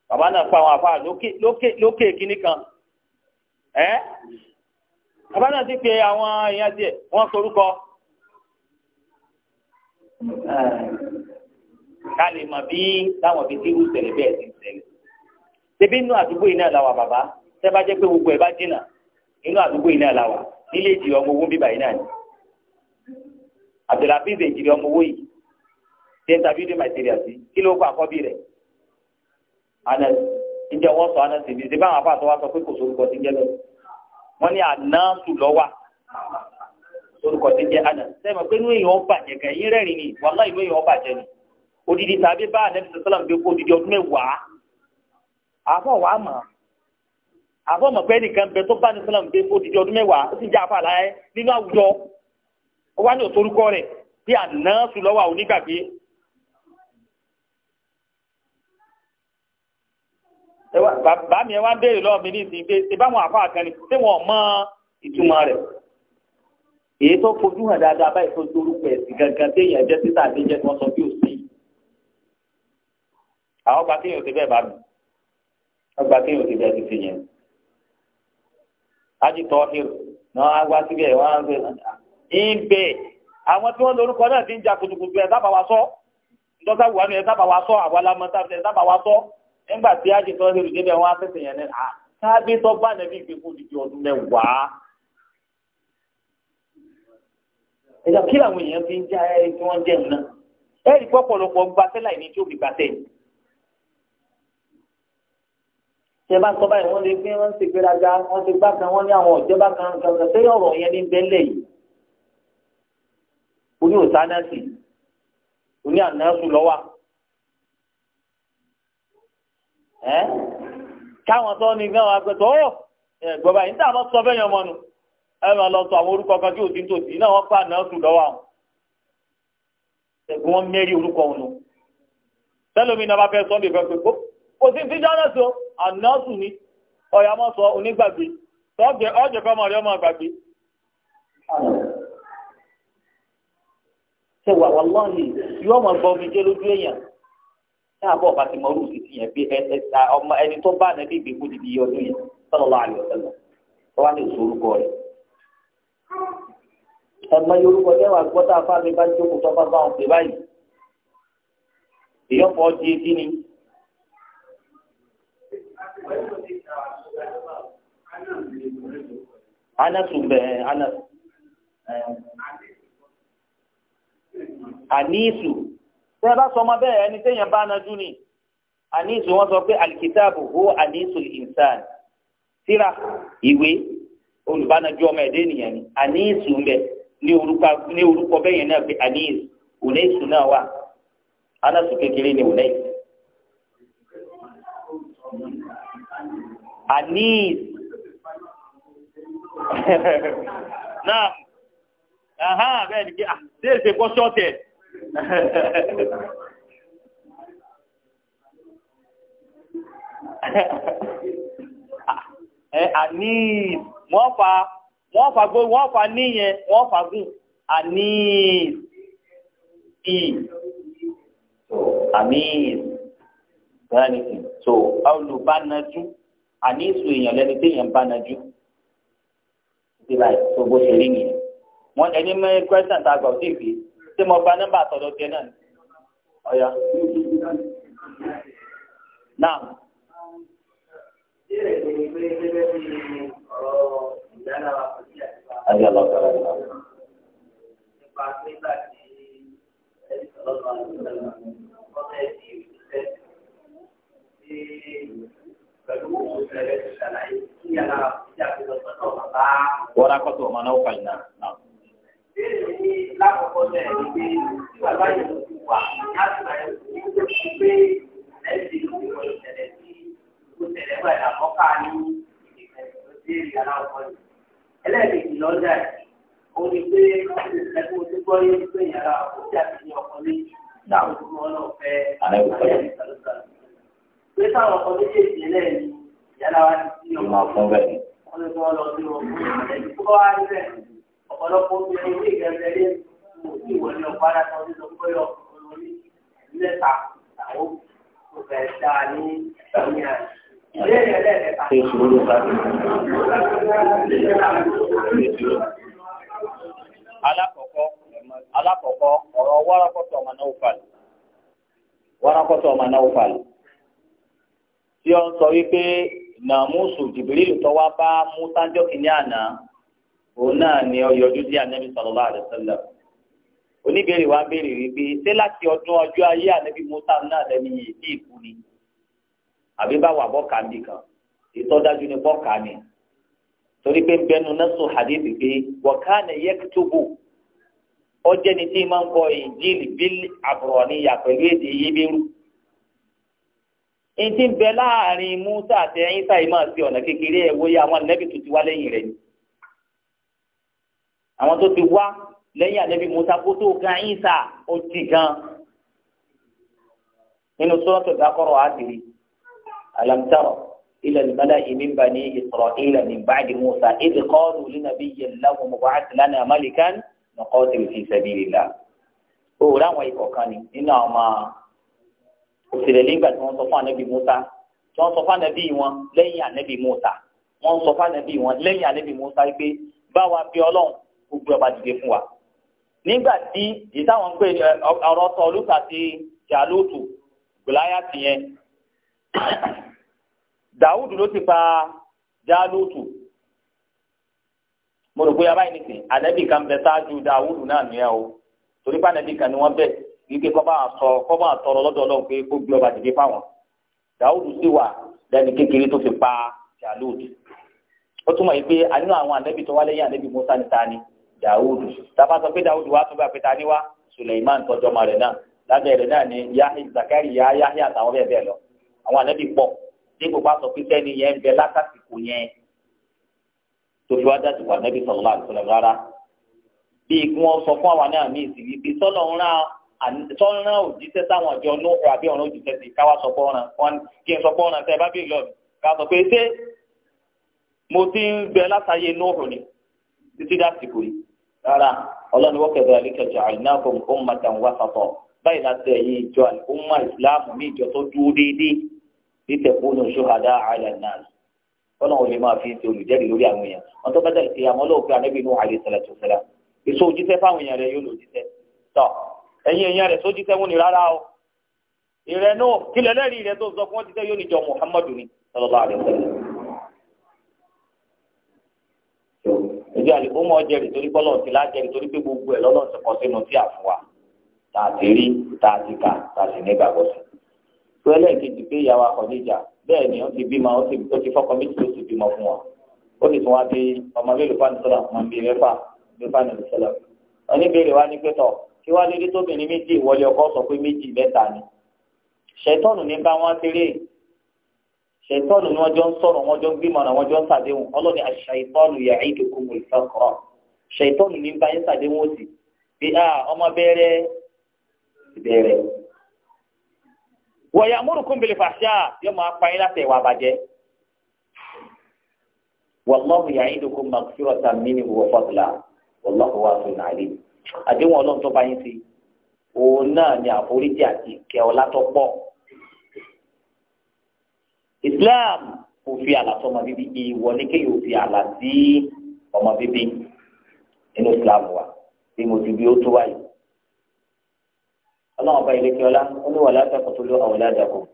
bàbá náà pa àwọn àfa lókè lókè lókè kínní kan ẹ bàbá náà ti pè àwọn èèyàn tiẹ̀ wọ́n sorúkọ. ká ma bii bí táwọn fi ti rú ìṣẹ̀lẹ̀ bẹ́ẹ̀ ti ń ṣẹlẹ̀ ṣebí inú àdúgbò yìí náà làwà bàbá tẹ́ bá jẹ́ pé gbogbo ẹ̀ bá jìnnà inú àdúgbò yìí náà nílé ọmọ owó bíbà yìí náà ni àbdùlàbí ìbè ọmọ owó yìí ṣe ń tàbí ìdúmọ̀ ìṣẹ̀lẹ̀ àti kí ló kọ àkọ́bí rẹ̀ wọn sọ sọ pé kò sórúkọ odidi tàbí bá anabi sọsọlá gbé kó odidi ọdún mẹ́wàá àfọ wàá mọ àfọ mọ pé nìkan bẹ tó bá anabi sọsọlá gbé kó odidi ọdún mẹ́wàá ó sì ń jẹ àfa àlàyé nínú àwùjọ ó wá ní òtorúkọ rẹ bí àná sùn lọ́wọ́ àwọn onígbàgbé. bàbá mi ẹ wá ń béèrè lọ́wọ́ mi ní ìsìn pé ṣe báwọn àfa àkànni ṣé wọn mọ ìtumọ̀ rẹ̀ èyí tó fojú hàn dáadáa báyìí tó dórúkọ ẹ̀sìn gangan téèyàn jẹ́ títà àdéjẹ́ tí wọ́n sọ bí ó sì àwọn gba kéèyàn ti bẹ́ẹ̀ bá mi wọ́n gba kéèyàn ti bẹ́ẹ̀ ti fi yẹn. ájì tọ́ hírò náà á wá síbẹ̀ wọ́n á ń pè é ń bè àwọn tí wọ́n lórúkọ náà ti ń ja kùtùkùtù ẹ̀ sábà wa sọ ntọ́sá wà ní ẹ̀ sábà wa sọ àwọn alámọ́tà ẹ̀ sábà wa sọ nígbà tí ájì tọ́ hírò débẹ̀ wọ́n á tẹ̀sẹ̀ yẹn ní à sábẹ́ tó bá nàbí ìgbèkùn ti láì ní tí ó fi gbàtẹ́ yìí. tẹ bá sọ báyìí wọn lè gbé wọn sì gbéraga wọn ti gbá kan wọn ní àwọn ìjọba kan kankan sẹ́yìn ọ̀rọ̀ yẹn ní bẹńlẹ yìí oní òsánẹsì oní ànásù lọwà ẹ káwọn tó ní gan agbẹtọ ọ ẹ gbọ́ báyìí níta lọ sọ bẹyìn ọmọ nu ẹ máa lọ sọ àwọn orúkọ kan tí òsì ń tòsí náà wọn pa ànásù lọwà ọ ẹgbẹ wọn mẹ́rin orúkọ wọn nù sẹlómi náà bá fẹ́ sọ ọ lè fẹ́ pé kó kò sí ti dáná so. ànásù ni ọ̀yà mọ́ sọ onígbàgbé ọjẹ́ kọ́ mọ̀rẹ́ ọmọ gbàgbé ṣe wà wà lọ́ọ̀lì yóò mọ̀ gbọ́ mi jẹ́ lójú èèyàn táàbọ̀ bá ti mọ orú sí bí ọmọ ẹni tó bá nàbí ìgbèkú dìbí ọdún tó wá orúkọ rẹ̀ wà tó bá bá wọn pè báyìí anasu bẹ́ẹ̀ anasu anisu tẹ́ ẹ bá sọ ọmọ bẹ́ẹ̀ ẹni téèyàn bá nájú ni anisu wọ́n sọ pé alikitaabu hó anisu insan tírà ìwé olùbánájú ọmọ ẹ̀dẹ́ ènìyàn ni anisu ń bẹ ní orúkọ ní orúkọ bẹ́ẹ̀ yẹn náà pé anisu onaisu náà wà anasu kékeré ni onaisu anisu. náà àhán bẹ́ẹ̀ ni kí à kọ́ ṣọ́ọ̀tì ẹ̀. wọ́n fa wọ́n fa wọ́n fa fa gùn àní ì àmì ìsìn so olùbánajú àní ìsìn èèyàn lẹni téèyàn bánajú. sí báyìí tó bó ṣe rí nìyẹn wọn ẹni mẹ question tá a gbà ó sì fi ṣé mo gba nọ́mbà àtọ̀dọ̀ tiẹ̀ náà ọ̀yà. náà. ayé ọlọ́kọ̀ rẹ̀ lọ. nípa nígbà tí ẹni sọ̀rọ̀ lọ́wọ́ àwọn ọ̀sẹ̀ tí ìlú tẹ̀sí wọ́n akọ́tò ọmọ náà fà iná. lákòókò náà ni pé tí bàbá yìí ló ti wà láti máa yẹ kó tó pé ẹ̀sìn ló ti wọ̀ ìṣẹ̀lẹ̀ sí kó tẹ̀lé wà ìlànà ká ní ìgbìmọ̀ tó dé ìyá náà kọ́ ni. ẹlẹ́ẹ̀kejì lọ́jà yìí ó ní pé ẹ̀kọ́ tó gbọ́ yé pé ìyá náà kó jáde ní ọkọ méjì. náà ó ti mọ́ ọ náà fẹ́ àlẹ́ ìgbàlódé pé táwọn ọkọ méjèèjì lẹ́yìn ìyára wa ti sí ọmọ fún bẹ́ẹ̀. wọ́n lè fọwọ́ lọ sí wọn tó bá wá níbẹ̀ ọ̀pọ̀lọpọ̀ obìnrin ní ìgbẹ́sẹ̀lẹ́ mo sì wọlé ọkọ aláṣọ nínú gbọ́yọ̀ olórí mẹ́ta àwọn kò fẹ́ ní ìyá ìbéèrè ẹlẹ́ẹ̀kẹta. alákọ̀ọ́kọ́ alákọ̀ọ́kọ́ ọ̀rọ̀ wárakọ̀tọ̀ ọmọ náà fàlẹ̀ wárakọ̀tọ̀ tí ó ń sọ wípé nàmúsù jìbìrìlù tó wá bá Musa jọ kìíní àná òun náà ni ó yọjú sí anabi sallallahu alaihi wasallam oníbèrè wa béèrè wípé ṣé láti ọdún ọjọ́ ayé anabi Musa náà lẹni yìí bí ìkú ni àbí báwo àbọ̀kà mi kan ìtọ́jú ni bọ́kà mi torí pé bẹnu nẹ́sùn hadithi pé wọ̀kánà yẹ́kítúbù ọjẹ́ni tí máa ń kọ Injil bíl àbùrọ̀ níyà pẹ̀lú èdè yíbírú ètí ń bẹ láàrin Musa àti ẹyinsa yìí máa fi ọ̀nà kékeré ẹ̀ wòye àwọn ànábì tó ti wá lẹ́yìn rẹ̀ ni àwọn tó ti wá lẹ́yìn ànábì Musa kó tó kan ẹyinsa ó ti gan nínú sọ́ọ̀tù dákọ̀rọ̀ àdìrí alam tara ila al-mala'i min bani Isra'ila min ba'di Musa idh qalu li nabiyyin lahum ib'ath lana malikan nuqatil fi òṣèlè nígbà tí wọ́n sọ fún ànábì Musa tí wọ́n sọ fún ànábì wọn lẹ́yìn ànábì Musa wọ́n sọ fún ànábì wọn lẹ́yìn ànábì Musa pé báwa bí Ọlọ́run gbogbo ọba dìde fún wa nígbà tí ìtàwọn pé ọ̀rọ̀ sọ olùkà ti jàlóòtù Gòláyátì yẹn Dàwùdù ló ti pa jàlóòtù mo rò pé abáyé nìsín ànábì kan bẹ ṣáájú Dàwùdù náà nìyẹn o torí pé ànábì kan ni wọ́n bẹ̀ẹ́ wípé kọ́ bá sọ kọ́ bá tọrọ lọ́dọ̀ ọlọ́run pé kó gbé ọba dìde fáwọn dàúdù sì wà lẹ́ni kékeré tó fi pa jàlúùdù ó túmọ̀ yìí pé àníwá àwọn ànábì tó wá lẹ́yìn ànábì Musa ní ta ni dàúdù tàbá sọ pé dàúdù wá tó bá pé ta Suleiman tọjọ́ ọmọ rẹ̀ náà lábẹ́ rẹ̀ náà ni Yahya Zakariya Yahya àtàwọn bẹ́ẹ̀ bẹ́ẹ̀ lọ àwọn ànábì pọ̀ dípò bá sọ pé sẹ́ni yẹn ń bẹ látàkìkò yẹn tó fi wá dájú wà ànábì sallallahu alaihi wasallam rárá bíi kí wọ́n sọ fún àwọn náà ní ìsìn tọ́nà òjíṣẹ́ sáwọn ọjọ́ ní ọ̀rọ̀ àbí ọ̀rọ̀ òjíṣẹ́ sí káwá sọ pọ́nrán wọn kí n sọ pọ́nrán tẹ́ ẹ bá bí lọ mi ká sọ pé ṣé mo ti ń bẹ látàyè nóòrò ni títí dásìkò yìí rárá ọlọ́ni wọ́n kẹ̀dọ̀ àlékè jọ àìnáàbọ̀ nǹkan mọ̀tàn wá sọ̀tọ̀ báyìí láti ẹ̀yìn ìjọ àlùkùnmá ìsìláàmù ní ìjọ tó dúró déédéé ní tẹ̀kúnù ṣùhàdá àìlànà wọn náà ò lè máa fi ti olùjẹ́rìí lórí àwọn èèyàn wọn tó bá dẹ̀ ṣe àmọ́ lóòpin ànábì nù àlè sẹlẹ̀ tó sẹlẹ̀ èso òjíṣẹ́ fáwọn èèyàn rẹ̀ yóò lòjíṣẹ́ tọ́ ẹ̀yin ẹ̀yin rẹ̀ sójú sẹ́wọ́n ni rárá o ìrẹ̀ náà kí lẹ́lẹ́rìí rẹ̀ tó sọ fún ọtí sẹ́yìn oníjọ Muhammadu ni sallallahu alaihi wasallam. ìjọ àlùkò mọ́ jẹ́rìí torí bọ́lọ̀ ti lájẹ́rìí torí pé gbogbo ẹ̀ lọ́lọ́ ti kọ́ sínú tí a fún wa tá a ti rí tá a ti kà tá a sì ní gbàgbọ́ sí. tó ẹlẹ́ẹ̀kejì pé ìyàwó akọ̀déjà bẹ́ẹ̀ ni ó ti bímọ ó ti fọ́kọ méjì ó ti bímọ fún wa ó sì tún wá bí ọmọ mélòó fáni sọ́lá ọmọ bíi mẹ́fà mẹ́fà nìyí sọ́lá iwájú ilé tóbìnrin méjì ìwọlé ọkọ sọ pé méjì mẹ́ta ni ṣètọ́nù ní bá wọn ṣeré ṣètọ́nù ni wọ́n jọ ń sọ̀rọ̀ wọ́n jọ ń gbìmọ̀ràn wọ́n jọ ń ṣàdéhùn ọlọ́ni aṣ-ṣaytanu ya'idukumul faqra ṣètọ́nù ní bá yín ṣàdéhùn òsì bí a ọmọ bẹ́ẹ̀rẹ̀ bẹ́ẹ̀rẹ̀ wa ya'murukum bil fahsha yóò máa pa yín láti ẹ̀wà àbàjẹ́ wallahu ya'idukum maghfiratan minhu wa fadla àdéhùn ọlọ́run tó bá yín ti òun náà ni àforíjì àti ìkẹ́ ọlá tó pọ̀ Islam kò fi àlà sí ọmọ bíbí ìwọ ni kéèyàn fi àlà sí ọmọ bíbí nínú Islam wa bí mo ti bí ó tó wáyé ọlọ́run ọba ilé kíọ́lá ó ní wàlá àtàkùn tó lé àwọn ìlàjàkùn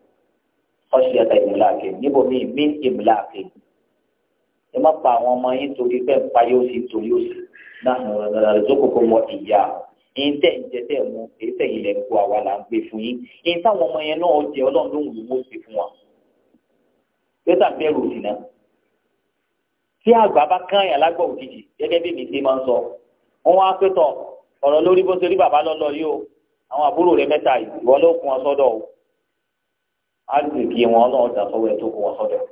ọ̀ṣì ẹ̀ta ìmúláàkè níbo mi mí ìmúláàkè ẹ má pa àwọn ọmọ yín torí bẹ́ẹ̀ pa yóò sì torí ó sì láàmú ọ̀nà àlùjókòkò wọ ìyá ìntẹ̀ ìjẹtẹ̀ mu ètẹ̀ ilẹ̀ ń kó àwa là ń gbé fún yín ìntẹ̀ àwọn ọmọ yẹn náà jẹ ọlọ́run ló ń wù wọ́n sí fún wa lẹ́tà bẹ́ẹ̀rù sí tí àgbà bá kán yàn lágbọ̀ òjijì gẹ́gẹ́ bí mi ṣe máa ń sọ wọn wá pé tọ ọ̀rọ̀ lórí bó ṣe rí bàbá lọ́lọ́ yìí o àwọn àbúrò rẹ mẹ́ta ìwọ ló kún ọ sọ́dọ̀ o á sì kí wọn ọlọ́run dà sọ́wọ́ ẹ̀ tó kún ọ sọ́dọ̀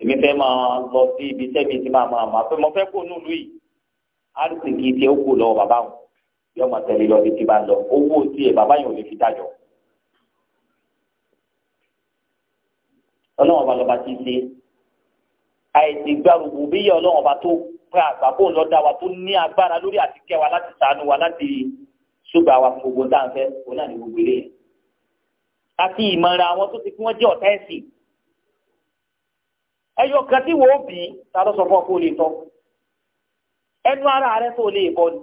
èmi fẹ́ máa lọ sí ibi sẹ́mi tí máa máa máa fẹ́ mo fẹ́ kó nílùú yìí àrísìkì tí ó kù lọ bàbá wọn yóò máa tẹ̀lé lọ bí ti bá lọ owó tí ẹ bàbá yẹn ò lè fi dájọ́. ọlọ́wọ́n ọba lọ́ba ti ṣe àìsí gbàrúgbù bí yẹ ọlọ́wọ́n ọba tó pé àgbàbò lọ́dà wa tó ní agbára lórí àti kẹwàá láti ṣàánú wa láti ṣùgbà wa fún gbogbo dáńfẹ́ òun náà ní gbogbo eléyìí. àti ìmọ̀ràn ẹyọ kan tí wọ́n bì í ta ló sọ fún ọ kó lè tọ́ ẹnu ara rẹ tó lè bọ́ ni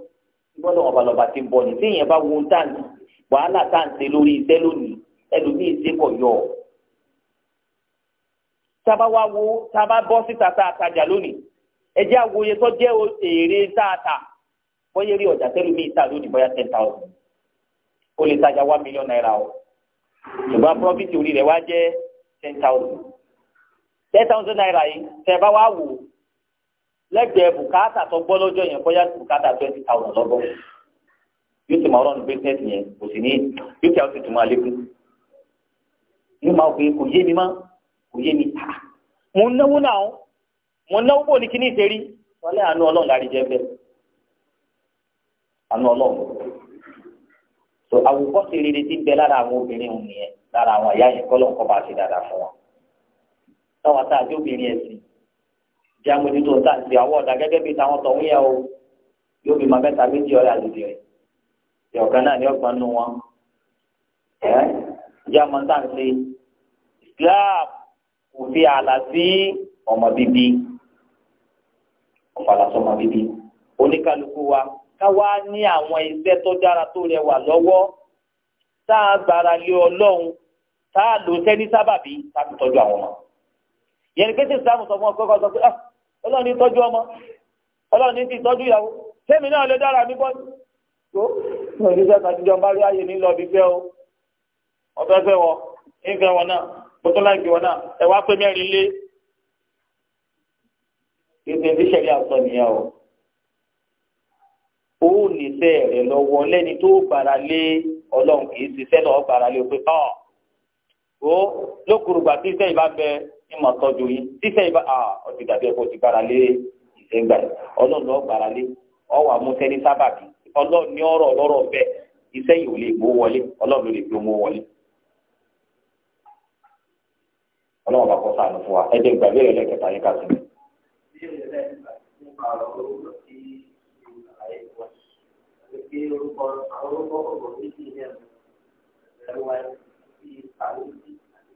gbọ́dọ̀ ọba lọ́ba ti bọ́ ni téèyàn bá wo táǹtì wàhálà táǹtì lórí iṣẹ́ lónìí ẹlòmíì ṣe kọ̀ yọ ọ́ tába wá wo tába bọ́ síta tá a tajà lónìí ẹ àwòye tó jẹ́ èrè táàtà bọ́yé rí ọjà tẹ́lómi ìta lónìí bọ́yá ten thousand o lè tajà one million naira o ṣùgbọ́n profit orí rẹ̀ wá jẹ́ ten thousand ten thousand naira yìí tẹ́ bá wá wò lẹ́gbẹ̀ẹ́ bùkátà tó gbọ́ lọ́jọ́ yẹn bóyá bùkátà twenty thousand lọ́gbọ́ yóò ti máa rọrùn business yẹn kò sì ní yóò ti àwọn tuntun máa lékún yóò máa gbé kò yé mi má kò yé mi tà mo ń náwó náà mo ń náwó bò ní kíní ìṣerí wọlé àánú ọlọ́run lárí jẹ bẹ́ẹ̀ àánú ọlọ́run so àwòkọ́ṣe rere ti ń bẹ lára àwọn obìnrin òun nìyẹn lára àwọn àyà yẹn kọ́ lọ́nkọ́ bá ṣe dáadáa fún wọn táwọn tá a jó obìnrin ẹ̀sìn jẹ́ amójútó tá a ti àwọ̀ ọ̀dà gẹ́gẹ́ bíi táwọn tọ̀hún yẹ o yóò bí ma mẹ́ta méjì ọ̀rẹ́ àlejò rẹ̀ ìyọ̀kan náà ní ọgbọ́n nù wọn ẹ̀ jẹ́ tá a ṣe Islam kò fi ààlà sí ọmọ bíbí ọ̀pàlà sọmọ bíbí oníkálukú wa ká wá ní àwọn iṣẹ́ tó dára tó rẹwà lọ́wọ́ tá a gbára lé Ọlọ́run tá a lò sẹ́ni sábàbí tá tọ́jú àwọn ọmọ yẹn ni kéṣe ìsìlámù sọ fún ọ kọ́kọ́ sọ pé ah, ọlọ́run ní tọ́jú ọmọ ọlọ́run ní ti tọ́jú ìyàwó sẹ́mi náà lè dára mi bọ́ tó ní ìdíjọ́ àtijọ́ bá rí ààyè nílò ọbí fẹ́ o ọ̀fẹ́ fẹ́ wọ ìfẹ́ wọn náà gbọ́tọ́ láì gbé wọn náà ẹ wá pé mẹ́rin lé ètò ìdíṣẹ́lẹ̀ àwùjọ nìyẹn o ó nífẹ̀ẹ́ rẹ̀ lọ́wọ́ lẹ́ni tó gbára lé ọlọ́run kì í ṣiṣẹ́ náà gbára lé o pé ọ́ọ̀. Ah, o lókùrùgbà tíṣẹ́ bẹ tọ́jú yín a ọtí dàbí ẹ̀kọ́ ti gbára lé ìṣègbà ọlọ́run lọ́ọ́ gbára lé ọwọ́ àmúṣẹ́ ní sábàbí ọlọ́run ní ọ̀rọ̀ ọlọ́rọ̀ iṣẹ́ yìí ò lè gbó wọlé ọlọ́run ló lè gbó mọ́ wọlé. ọlọ́run bá kọ́ sànù fún wa rẹ̀ lẹ́kẹ̀ta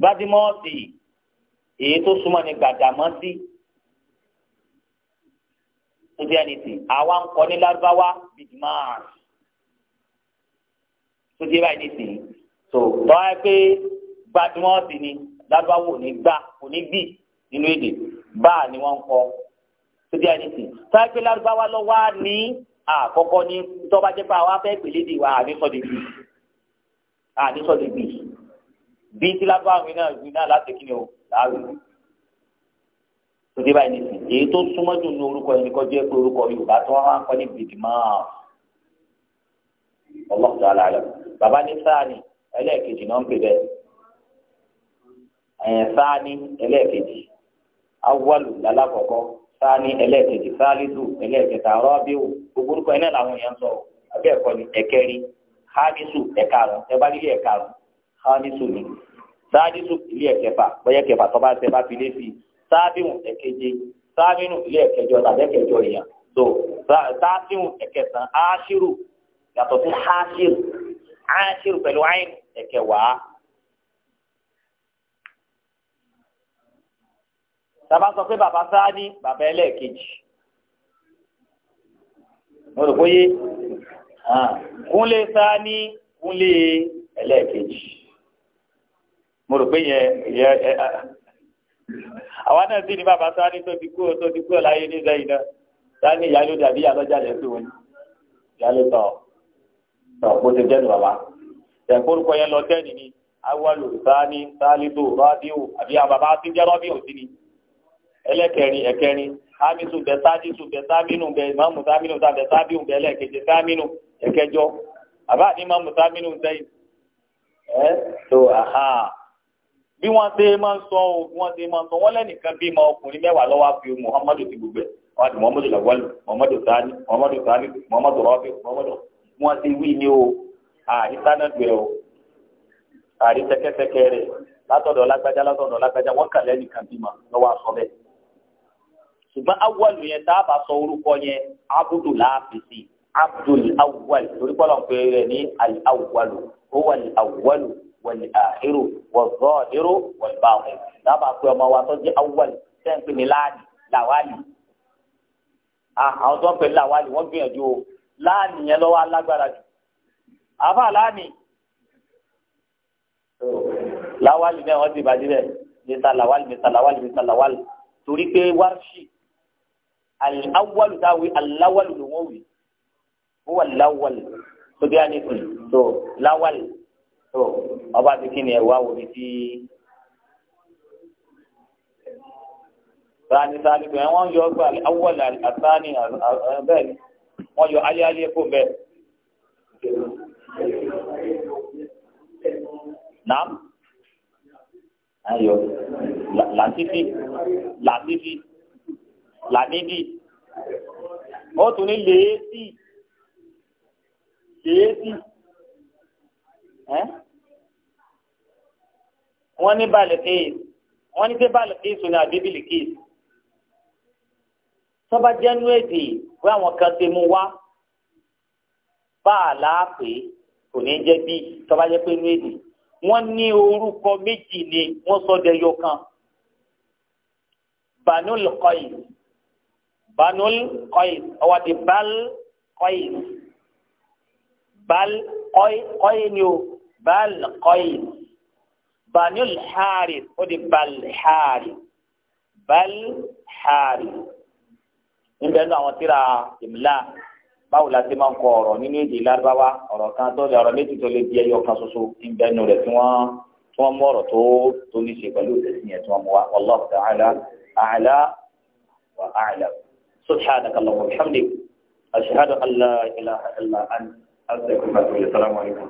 gbadimọ́ọ̀sì èyí tó súnmọ́ ní gbàdámọ́sì tó jẹ́ ní ti àwa ń kọ́ ní lárúbáwá bidmars tó ni báyìí ní ti tó tọ́wá ni lárúbáwá ò ní gbà ò ní gbì nínú èdè báà ni wọ́n ń kọ́ tó jẹ́ ní ti tọ́wá pé lárúbáwá lọ wá ní àkọ́kọ́ ní tọ́ba jẹ́ pé àwa fẹ́ pèlédè wa àníṣọ́ dèbì bí tílábà mi náà wí náà láti kí ni o láàrú tòdí báyìí nìsín èyí tó súnmọ́ jù ní orúkọ yẹn nìkan jẹ́ pé orúkọ Yorùbá tí wọ́n máa ń kọ́ ní bìdìmọ́ ọlọ́run tó lálẹ́ bàbá ní sáàni ẹlẹ́ẹ̀kejì náà ń pè bẹ́ẹ̀ ẹ̀yẹn sáàni ẹlẹ́ẹ̀kejì awọ́lù lálákọ̀ọ́kọ́ sáàni ẹlẹ́ẹ̀kejì sáàlìdù ẹlẹ́ẹ̀kẹta rọ́bíù gbogbo orúkọ yẹn náà làwọn èèyàn sọ abẹ́ ni ẹ̀kẹrin sáàdìsù ilé ẹ̀kẹfà bẹ́yẹ kẹfà tọ́ba ṣe bá fi lé sí i sáàbìmù ẹ̀keje sáàbìmù ilé ẹ̀kẹjọ tàbí ẹ̀kẹjọ èèyàn so sáàbìmù ẹ̀kẹsàn áṣírù yàtọ̀ sí áṣírù áṣírù pẹ̀lú àìn ẹ̀kẹwàá. tàbá sọ pé bàbá sáàdì bàbá ẹlẹ́ẹ̀kejì mo rò bóyé ah, kúnlé sáàdì kúnlé ẹlẹ́ẹ̀kejì mo rò pé yẹn yẹn ẹ àwa náà sì ní bàbá sáré tó ti kú tó ti kú láyé ní sẹ́yìn náà sáré ìyálò dàbí ìyálọ́jà lẹ́ sí wọn ìyálò tọ̀ tọ̀ bó ti jẹ́nu bàbá ẹ̀kórúkọ yẹn lọ tẹ́ni ni awalu sani salidu radiu àbí àwọn bàbá ti jẹ́ rọ́bì òsì ni ẹlẹ́kẹrin ẹ̀kẹrin hamisu bẹ sadisu bẹ saminu bẹ imamu saminu ta bẹ sabiu bẹ ẹlẹ́kẹjẹ saminu ẹ̀kẹjọ àbá ni imamu saminu sẹ́yìn ẹ̀ tó aha bí wọ́n ṣe máa ń sọ o bí wọ́n ṣe máa ń sọ wọ́n lẹ́nìkan bí ma ọkùnrin mẹ́wàá lọ́wọ́ fi muhammadu ti gbogbo ẹ̀ wọ́n muhammadu lawal muhammadu sani muhammadu sani muhammadu rafi muhammadu wọ́n ti wí ni o àrí sánàdù ẹ̀ o àrí tẹ́kẹ́tẹ́kẹ́ rẹ̀ látọ̀dọ̀ lágbájá látọ̀dọ̀ lágbájá wọ́n kà lẹ́nìkan bí ma lọ́wọ́ sọ bẹ́ẹ̀ ṣùgbọ́n awọ́lù yẹn tá a bá sọ orúkọ yẹn abudu láàfìsì abdul awwal torí pọ́lọ́ wọlé àhírò wọ̀gọ́ ọ̀dẹ́rò wọlé báwọn dábàá pé ọmọ wa tó jẹ́ awọ́lì sẹ́ǹpì ní láàlì làwálì àwọn tó ń pè làwálì wọ́n gbìyànjú o láàlì yẹn lọ́wọ́ alágbára jù àbá láàlì làwálì náà wọ́n ti bàjẹ́ bẹ́ẹ̀ mr lawal mr lawal mr lawal torí pé wárṣì aláwọ̀lù táwí aláwọ̀lù ló wọ́n wì ó wà láwọ̀lù tó bí a ní kùn tó láwọ̀lù tó ọba ti kí ni ẹ̀wá wò ní tí. Sani sani pé wọ́n yọ ọgbà awọ́lẹ̀ àtàní bẹ́ẹ̀ ni wọ́n yọ ayáyé kó bẹ́ẹ̀. Nàám ayọ làtìfì làtìfì làdídì ó tún ní lèétì lèétì wọ́n ní Balikis wọ́n ní pé Balikis ní àbíbílì kìí tọ́ba jẹ́nu èdè pé àwọn kan ti mú wá bá a kò ní jẹ́ bí tọ́ba jẹ́ pé inú wọ́n ní orúkọ méjì ni wọ́n sọ dẹyọ kan Banul Qais Banul Qais ọwọ́ di Bal Qais Bal Qais ni o balqais banul haris ó di balhari balhari níbẹ̀ ní àwọn tíra ìmìlá báwo la ti máa ń kọ ọ̀rọ̀ nínú èdè lárúbáwá ọ̀rọ̀ kan tó lè ọ̀rọ̀ méjì tó lè di ẹyọ kan ṣoṣo níbẹ̀ nù rẹ̀ tí wọ́n tí wọ́n mú ọ̀rọ̀ tó tó ní ṣe pẹ̀lú ìtẹ̀sìn yẹn tí wọ́n wa wallahu ta'ala a'la wa a'lam subhanaka allahumma wa bihamdik ashhadu an ilaha illa anta astaghfiruka